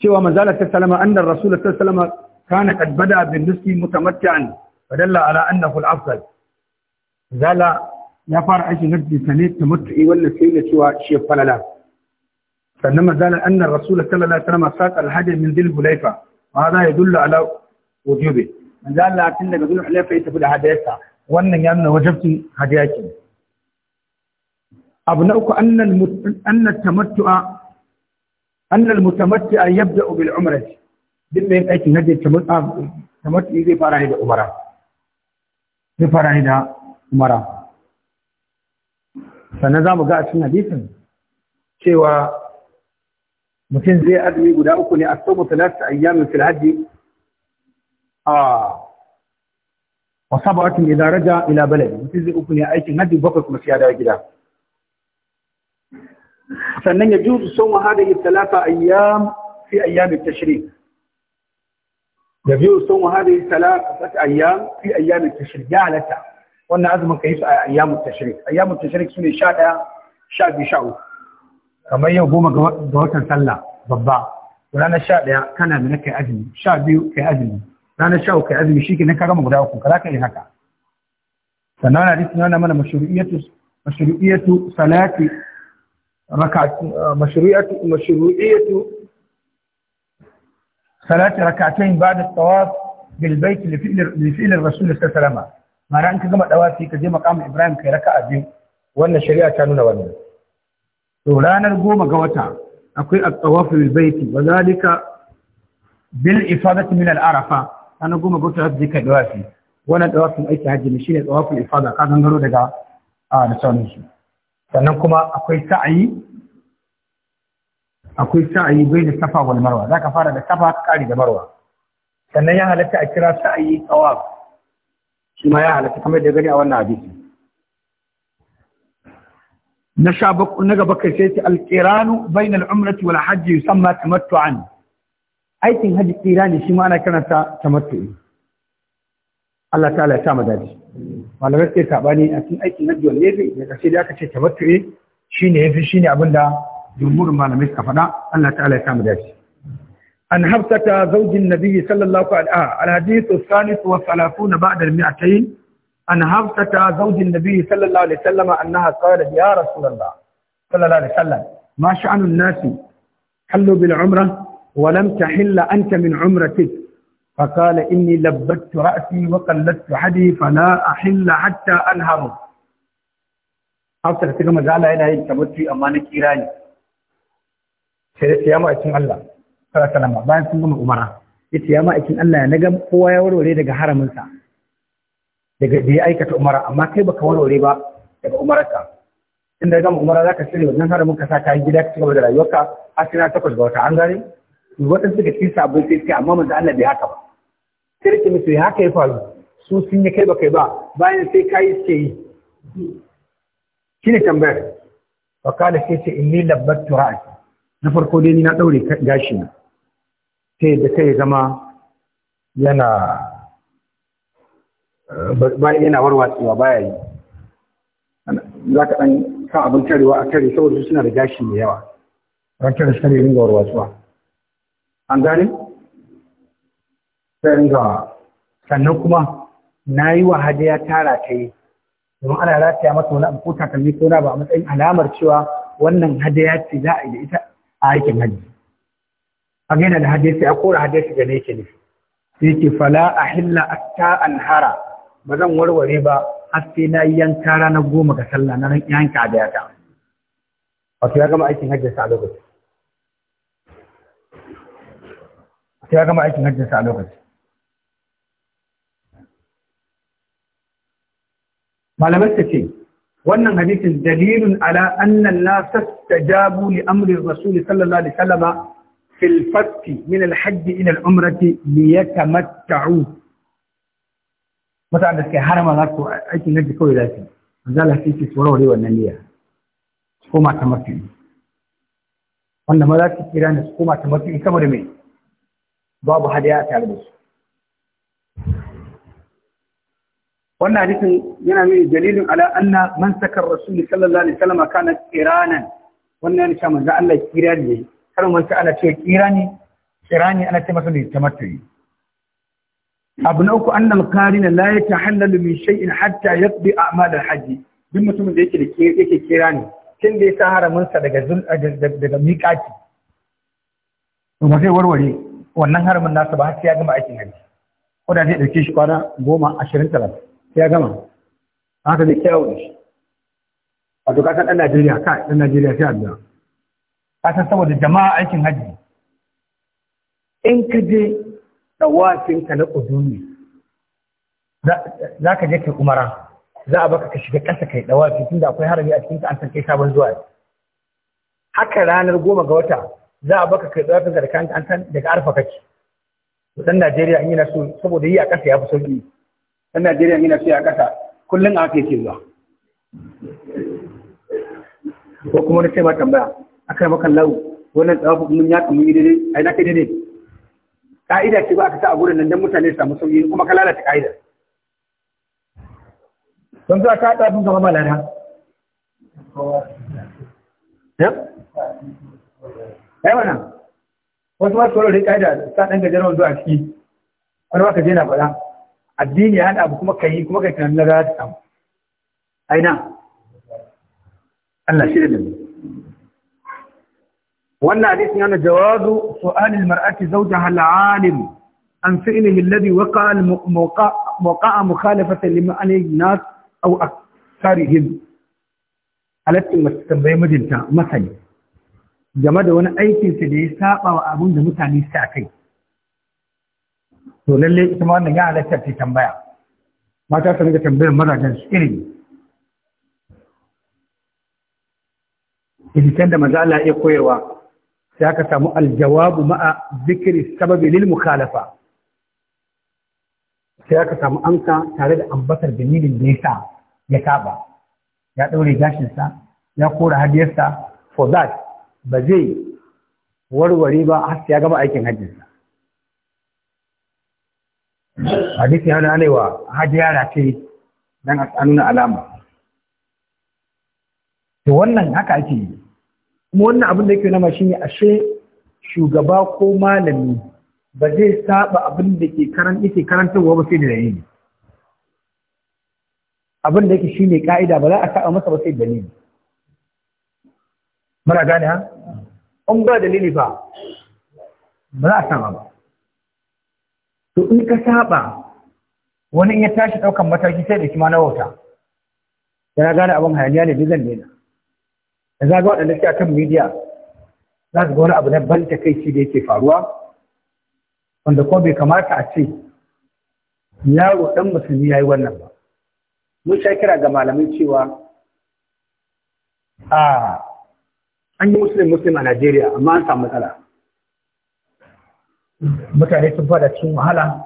cewa manzala ta salama annar rasul ta salama kana kad bada bin nuski mutamatti'an fadalla ala annahu al-afdal zala ya fara aikin hajji ta ne ta mutu'i wannan sai da cewa shi falala sannan mazala annar rasul sallallahu alaihi wasallam saqa alhadi min dhil hulaifa ma za ya dulla ala wujubi manzo Allah tun daga dhil hulaifa ya tafi da hadayarsa wannan ya nuna wajibcin hadiya ke abu na uku annal annal tamattu'a annal mutamatti'a yabda'u bil umrati duk mai aikin hajji tamattu'i zai fara ne da umara zai fara ne da umara sannan za mu ga a cikin hadisin cewa mutum zai azumi guda uku ne a sabu talata ayyamin fil hajji a wa sab'atin idza raja ila baladi mutum zai uku ne aikin hajji bakwai kuma sai ya dawo gida sannan ya juzu hada yi talata ayyam fi ayyam at-tashrik ya ma hada yi talata ayyam fi ayyam at-tashrik ya alata wannan azumin ka yi su a ayyamu tashrik ayyamu tashrik su ne sha ɗaya sha biyu sha uku kamar yau goma ga watan sallah babba ranar sha ɗaya kana da na kai azumi sha biyu kai azumi ranar sha uku kai azumi shi ke na karama guda uku kaza ka yi haka sannan wani hadisi nuna mana mashru'iyatu mashru'iyatu salati rakat mashru'iyatu mashru'iyatu salati rak'atayn ba'da at-tawaf bil bayt li fi'l li fi'l ar-rasul sallallahu alaihi wasallam Mana in ka gama dawafi ka je makamin ibrahim kai raka'a biyu wannan shari'a ta nuna wannan to ranar goma ga wata akwai at-tawafu bil baiti wa zalika bil ifadati min al-arafa ranar goma ga wata zai kai dawafi wannan dawafin aiki hajji ne shine tawaful ifada ka gangaro daga a da sauran shi sannan kuma akwai sa'ayi akwai sa'ayi bai da safa wal marwa zaka fara da safa ka kare da marwa sannan ya halatta a kira sa'ayi tawaf shi ma ya halatta kamar da gani a wannan hadisi na sha na gaba kai sai alqiranu bayna al-umrati wal hajj yusamma tamattu'an aikin haji qirani shi ma ana kiran sa tamattu'i Allah ta'ala ya sa mu dace malamai sai sabani a cikin aikin haji wanne yake da kace da aka ce tamattu'i shine yafi shine abinda jumhurin malamai suka faɗa Allah ta'ala ya sa mu dace an hafsata zaujin nabiyyi sallallahu alaihi wa sallam alhadithu thalithu wa thalathuna ba'da al-mi'atayn an hafsata zaujin nabiyyi sallallahu alaihi wa sallam annaha qalat ya rasulullah sallallahu alaihi wa sallam ma sha'nu an-nasi hallu bil umrah wa lam tahill min umratik fa qala inni labbattu ra'si wa qallattu hadi fa la ahill hatta anharu hafsata kuma zala ina yin tabbaci amma na kira ne sai sai Allah sallallahu bayan sun gama umara ita ya ma'aikin Allah ya naga kowa ya warware daga haraminsa daga da ya aikata umara amma kai baka warware ba daga umararka inda gama umara zaka shirya wannan haramin ka sa gida ka cigaba da rayuwarka har sai na takwas ga wata an gane waɗansu daga cikin sabbin sai suke amma manzo Allah bai haka ba kirki musu ya haka ya faru su sun yi kai baka yi ba bayan sai kayi suke yi shine tambayar fa kala sai ce inni labbatu ra'ati na farko dai ni na daure gashi na sai da kai zama yana yana warwatsewa baya yi za ka ɗan kan abin karewa a kare saboda suna da gashi mai yawa ran tare suka ringa warwatsuwa an gane sai ringa sannan kuma na yi wa hadiya tara ta yi domin ana rataya masa wani abu ko takalmi ko na ba a matsayin alamar cewa wannan hadiya ce za a yi da ita a aikin hajji a da hadisi a kora hadisi gane ki ne sai ke fala a hilla an hara ba zan warware ba har na yi yanka ranar goma ga sallah na yanka da yata wato ya gama aikin hajjinsa a lokaci ya gama aikin hajjinsa a lokaci malamai ta ce wannan hadisin dalilun ala annan la tastajabu li amri rasul sallallahu alaihi wasallama في الفتح من الحج إلى العمرة ليتمتعوا mutanen da suka harama za su aikin hajji kawai za su zala su ce tsoron wari su koma ta mafi wanda ma za su kira ne su koma ta mafi saboda mai babu hadiya a tare wannan hadisin yana nuni dalilin ala anna man saka rasul sallallahu alaihi wasallam kana karin wancan ana ce kirani kirani ana ce masa ne tamattari abu na uku annal qarina la yatahallalu min shay'in hatta yaqdi a'mal al-hajj duk mutumin da yake da yake kirani tun da ya sa haramin sa daga daga miƙati to ba sai warware wannan haramin nasa ba sai ya gama aikin hajji ko da zai dauke shi kwana goma ashirin talatin sai ya gama haka zai kyawo shi a to ɗan Najeriya kai ɗan Najeriya sai addu'a kasan saboda jama'a aikin hajji in ka je ɗawafinka na ƙudumi za ka je kai umara za a baka ka shiga ƙasa kai ɗawafi tunda akwai harami a cikin an san kai sabon zuwa haka ranar goma ga wata za a baka kai ɗawafinka da kayan an san daga arfa kake dan Najeriya in yana so saboda yi a ƙasa ya fi sauƙi dan Najeriya in yana so ya ƙasa kullum a haka yake zuwa ko kuma wani sai ma tambaya akai makan lawo wannan tsawafin mun ya kamun yi daidai a na kai daidai ka'ida ce ba a sa a gurin nan don mutane su samu sauyi kuma ka lalata ka'ida don zuwa ta haɗa abin gaba ba lada ya mana wasu masu tsoron rika da sa ɗan wanzu zuwa ciki wani maka je na faɗa addini ya haɗa abu kuma ka yi kuma ka yi tunanin na za ta samu aina Allah shi da dalilin وان حديث أنا يعني جواز سؤال المراه زوجها العالم عن فعله الذي وقع وقع مخالفه عليه الناس او اكثرهم على التمبيه مجنتا مثلا جماد وانا أي سدي سابا ساق ده متاني ساكي to lalle ita ma wannan ya halatta ta tambaya mata ta riga tambayar mazajen su irin ilikan da maza Allah ya sai aka samu aljawabu ma'a zikiri sababi lil mukhalafa sai aka samu anka tare da ambatar dalilin da yasa ya saba ya daure gashinsa ya kora hadiyarsa for that ba zai warware ba har sai ya gama aikin hajjinsa hadisi wa hajji hajiyara ce dan a nuna alama to wannan haka ake yi kuma wannan abin da yake nama shine ashe shugaba ko malami ba zai saba abin da ke karan yake karantarwa ba sai da dalili abin da yake ne ka'ida ba za a saba masa ba sai da dalili muna gane ha an ba dalili ba ba za a saba ba to in ka saba wani in ya tashi daukan mataki sai da ma na wauta yana gane abin hayaniya ne duk zan daina da ga waɗanda a akan media za su ga wani abu na ban ta takaici da yake faruwa wanda ko bai kamata a ce yaro ɗan musulmi ya yi wannan ba mun sha kira ga malamai cewa a an yi musulmi musulmi a najeriya amma an samu matsala mutane sun fada cikin wahala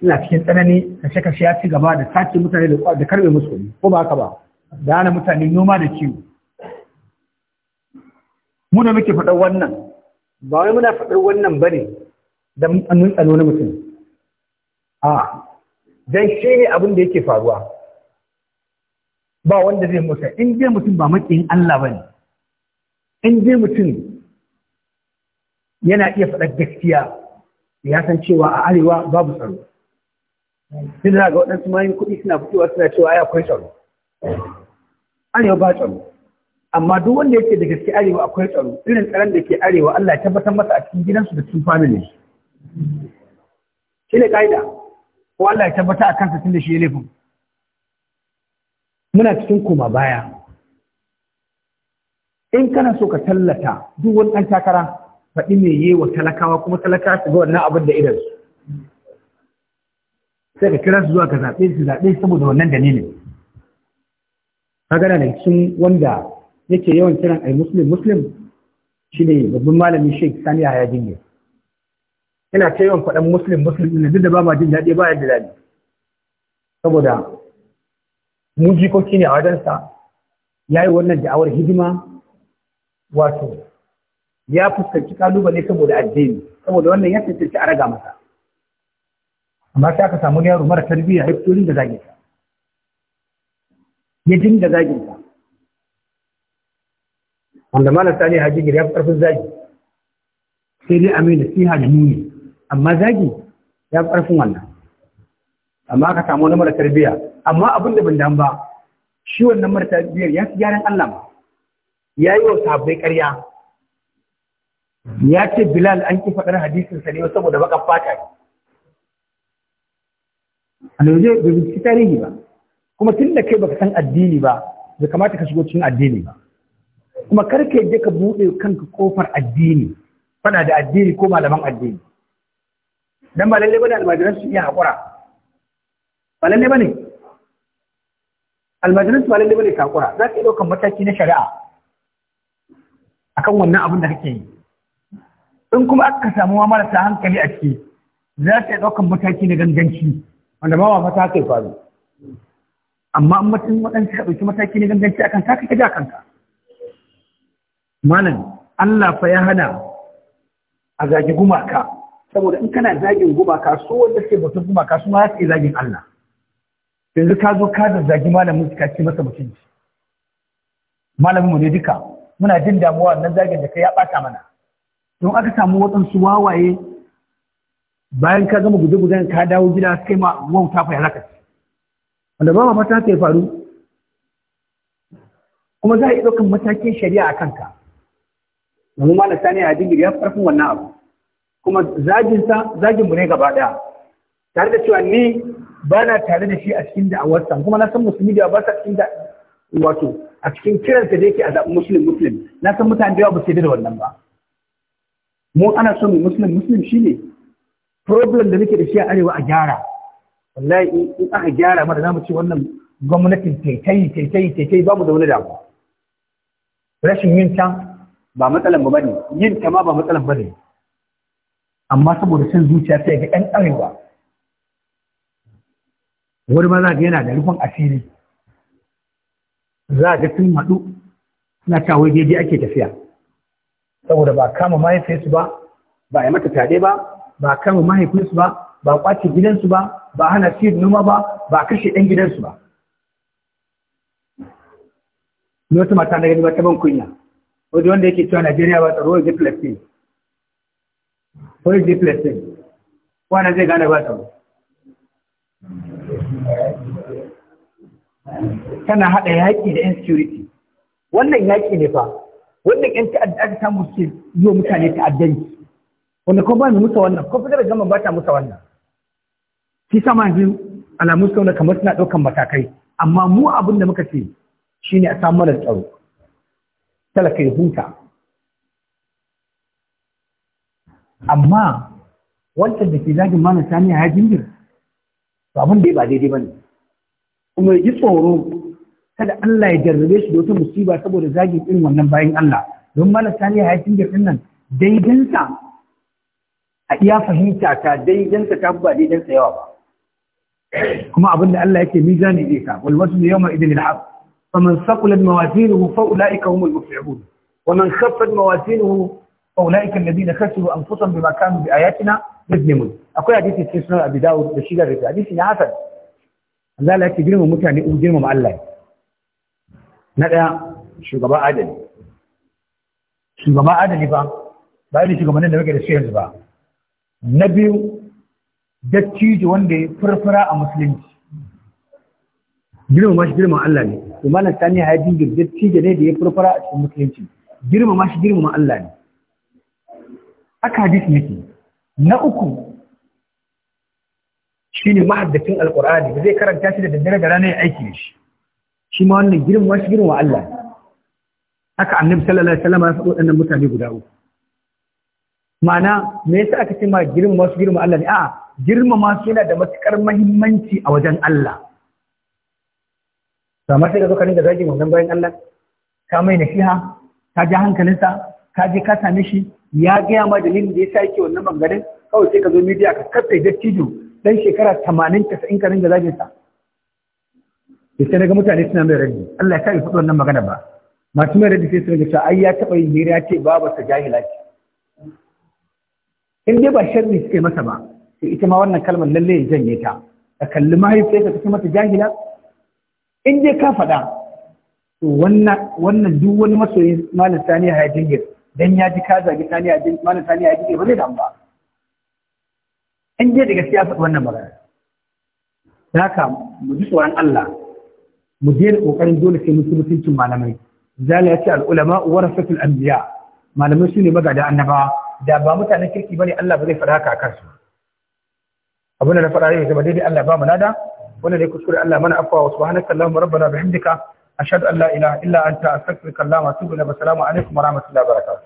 suna cikin tsanani kashe kashe ya ci gaba da sace mutane da karbe musulmi ko ba haka ba da hana mutane noma da kiwo mu ne muke faɗar wannan ba wai muna faɗar wannan ba ne da mun tsano na mutum a dan shi ne abin da yake faruwa ba wanda zai musa in dai mutum ba makiyin Allah ba ne in dai mutum yana iya faɗa gaskiya ya san cewa a arewa babu tsaro sai da ga waɗansu mayan kuɗi suna fitowa suna cewa ya akwai tsaro arewa ba tsaro amma duk wanda yake da gaske arewa akwai tsaro irin tsaron da ke arewa Allah ya tabbatar masa a cikin gidansu da cikin family shi ne ka'ida ko Allah ya tabbata a kansa tun da shi ya laifin muna cikin koma baya in kana so ka tallata duk wani ɗan takara faɗi me yi wa talakawa kuma talakawa su ga wannan abin da idan su sai ka kira su zuwa ka zaɓe su zaɓe saboda wannan dalilin kaga da cikin wanda yake yawan kiran ai muslim muslim shine babban malamin sheikh sani ya ne ina ta yawan faɗan muslim muslim ne duk da ba ma jin daɗi ba ya da daɗi saboda mu jikoki ne a wajensa ya yi wannan da'awar hidima wato ya fuskanci kalubale saboda addini saboda wannan ya cancanci a raga masa amma sai aka samu yaro mara tarbiyya ya fito da zagin ya dinga zagin wanda malam sani haji gida ya fi ƙarfin zagi sai dai a mai nasiha da amma zagi ya fi ƙarfin wannan amma aka samu wani mara tarbiyya amma abin da ban damu ba shi wannan mara tarbiyyar ya fi gyaran Allah ma ya yi wa sahabbai ƙarya ya ce Bilal an ki faɗar hadisin sa ne saboda baka fata ne alauje bai binciki tarihi ba kuma tun da kai baka san addini ba bai kamata ka shigo cikin addini ba kuma karka yadda ka buɗe kanka kofar addini fana da addini ko malaman addini dan ba lalle bane almajiran su iya haƙura ba lalle bane almajiran su ba lalle bane ka haƙura za ka yi ɗaukar mataki na shari'a akan wannan abin da kake yi in kuma aka samu marasa hankali a ciki za ka yi ɗaukar mataki na ganganci wanda ma ba mata ya faru amma in mutum waɗansu ka ɗauki mataki na ganganci akan ka ka ja kanka malam Allah fa ya hana a zagi gumaka saboda in kana zagin gumaka so wanda suke batun gumaka su ma suke zagin Allah yanzu ka zo ka da zagi malamin ka ce masa mutunci malamin mu ne duka muna jin damuwa nan zagin da ka ya bata mana don aka samu waɗansu wawaye bayan ka gama guje-gujen ka dawo gida kai ma wauta fa ya zaka wanda ba ma fata ta faru kuma za a yi ɗaukar matakin shari'a a kanka ma na sani a digiri ya farfin wannan abu kuma sa zagin mu ne gaba daya tare da cewa ni ba na tare da shi a cikin da'awarsa kuma na san musulmi da ba sa cikin da wato a cikin kiransa da yake a zaɓi musulmi musulun na san mutane da yawa ba su da wannan ba mu ana so mu musulmi musulmi shine problem da muke da shi a arewa a gyara wallahi in aka gyara mana za mu ce wannan gwamnatin taitayi taitayi taitayi ba mu da wani damuwa rashin yin can ba matsalan ba bane yin ta ma ba matsalan bane amma saboda son zuciya sai ga ɗan arewa wani ma za ga yana da rufin asiri za ga sun haɗu suna ta wai daidai ake tafiya saboda ba kama mahaifinsu ba ba a mata tade ba ba kama mahaifinsu ba ba kwace gidansu ba ba a hana siyar noma ba ba a kashe ɗan gidansu ba. Ni wata mata na gani ba ta ban kunya. wadda wanda yake cewa Najeriya ba tsaro ya Palestine ko ya Palestine wanda zai gane ba tsaro tana haɗa yaƙi da insecurity wannan yaƙi ne fa wannan ƴan ta'adda aka samu suke yi wa mutane ta'addanci wanda kuma ba mu musa wannan ko fitar da gama ba ta musa wannan shi sama yanzu alamun suna kamar suna ɗaukan matakai amma mu abin da muka ce shine a samu mana tsaro talaka ya huta amma wancan da ke zagin mana sani ya jingir to abin da ba daidai ba ne kuma ya ji tsoro kada Allah ya jarrabe shi da wata musiba saboda zagin irin wannan bayan Allah don mana sani ya jingir din nan daidansa a iya fahimta ta daidansa ta ba daidansa yawa ba kuma abin da Allah yake mizani zai ka wal wasu yawma idin al-haq فمن ثقلت موازينه فأولئك هم المفلحون ومن خفت موازينه فأولئك الذين خسروا أنفسهم بما كانوا بآياتنا يظلمون أقول حديث في سنة أبي داود بشير الرجاء حديث حسن Allah ya mutane in girmama Allah na ɗaya shugaba adali shugaba adali ba ba irin shugabannin da muke da shi ba na biyu dattijo wanda ya furfura a musulunci girmama shi girmama Allah ne to malam sani hadi da ne da ya furfara a cikin musulunci girmama shi girmama Allah ne aka hadisi yake na uku shine mahaddacin alqur'ani da zai karanta shi da daddare da rana ya aiki shi shi ma wannan girmama shi girmama Allah ne aka annabi sallallahu alaihi wasallam ya faɗo waɗannan mutane guda uku ma'ana me yasa aka ce ma girmama shi girmama Allah ne a'a girmama shi yana da matukar muhimmanci a wajen Allah kamar sai ka zo ka dinga zagin wannan bayan Allah ka mai nasiha ka ji hankalinsa ka je ka same shi ya gaya ma dalilin da ya sa yake wannan bangaren kawai sai ka zo media ka kafe dattijo dan shekara 80 90 ka dinga zagin sa sai daga mutane suna mai rabi Allah ya kai faɗi wannan magana ba masu mai rabi sai su cewa ai ya taɓa yin hira ce babu sa jahila ce in dai ba sharri suke masa ba sai ita ma wannan kalmar lalle ya janye ta ka kalli mahaifiyarka ta ce mata jahila in dai ka faɗa to wannan duk wani masoyi malam sani ya jirgin dan ya ji ka zagi sani ya jirgin malam sani ya jirgin ba zai damu ba in dai da gaskiya faɗi wannan magana da haka mu ji tsoron Allah mu je da kokarin dole sai mutum mutuncin malamai zala ya ce al'ulama warasatul anbiya malamai shine magada annaba da ba mutanen kirki bane Allah ba zai faɗa haka a kansu abin da na faɗa ne dai daidai Allah ba mu nada wanda ne kuskure Allah mana afuwa wa subhanaka allahumma rabbana bihamdika ashhadu an la ilaha illa anta astaghfiruka wa atubu ilayk assalamu alaikum wa rahmatullahi wa barakatuh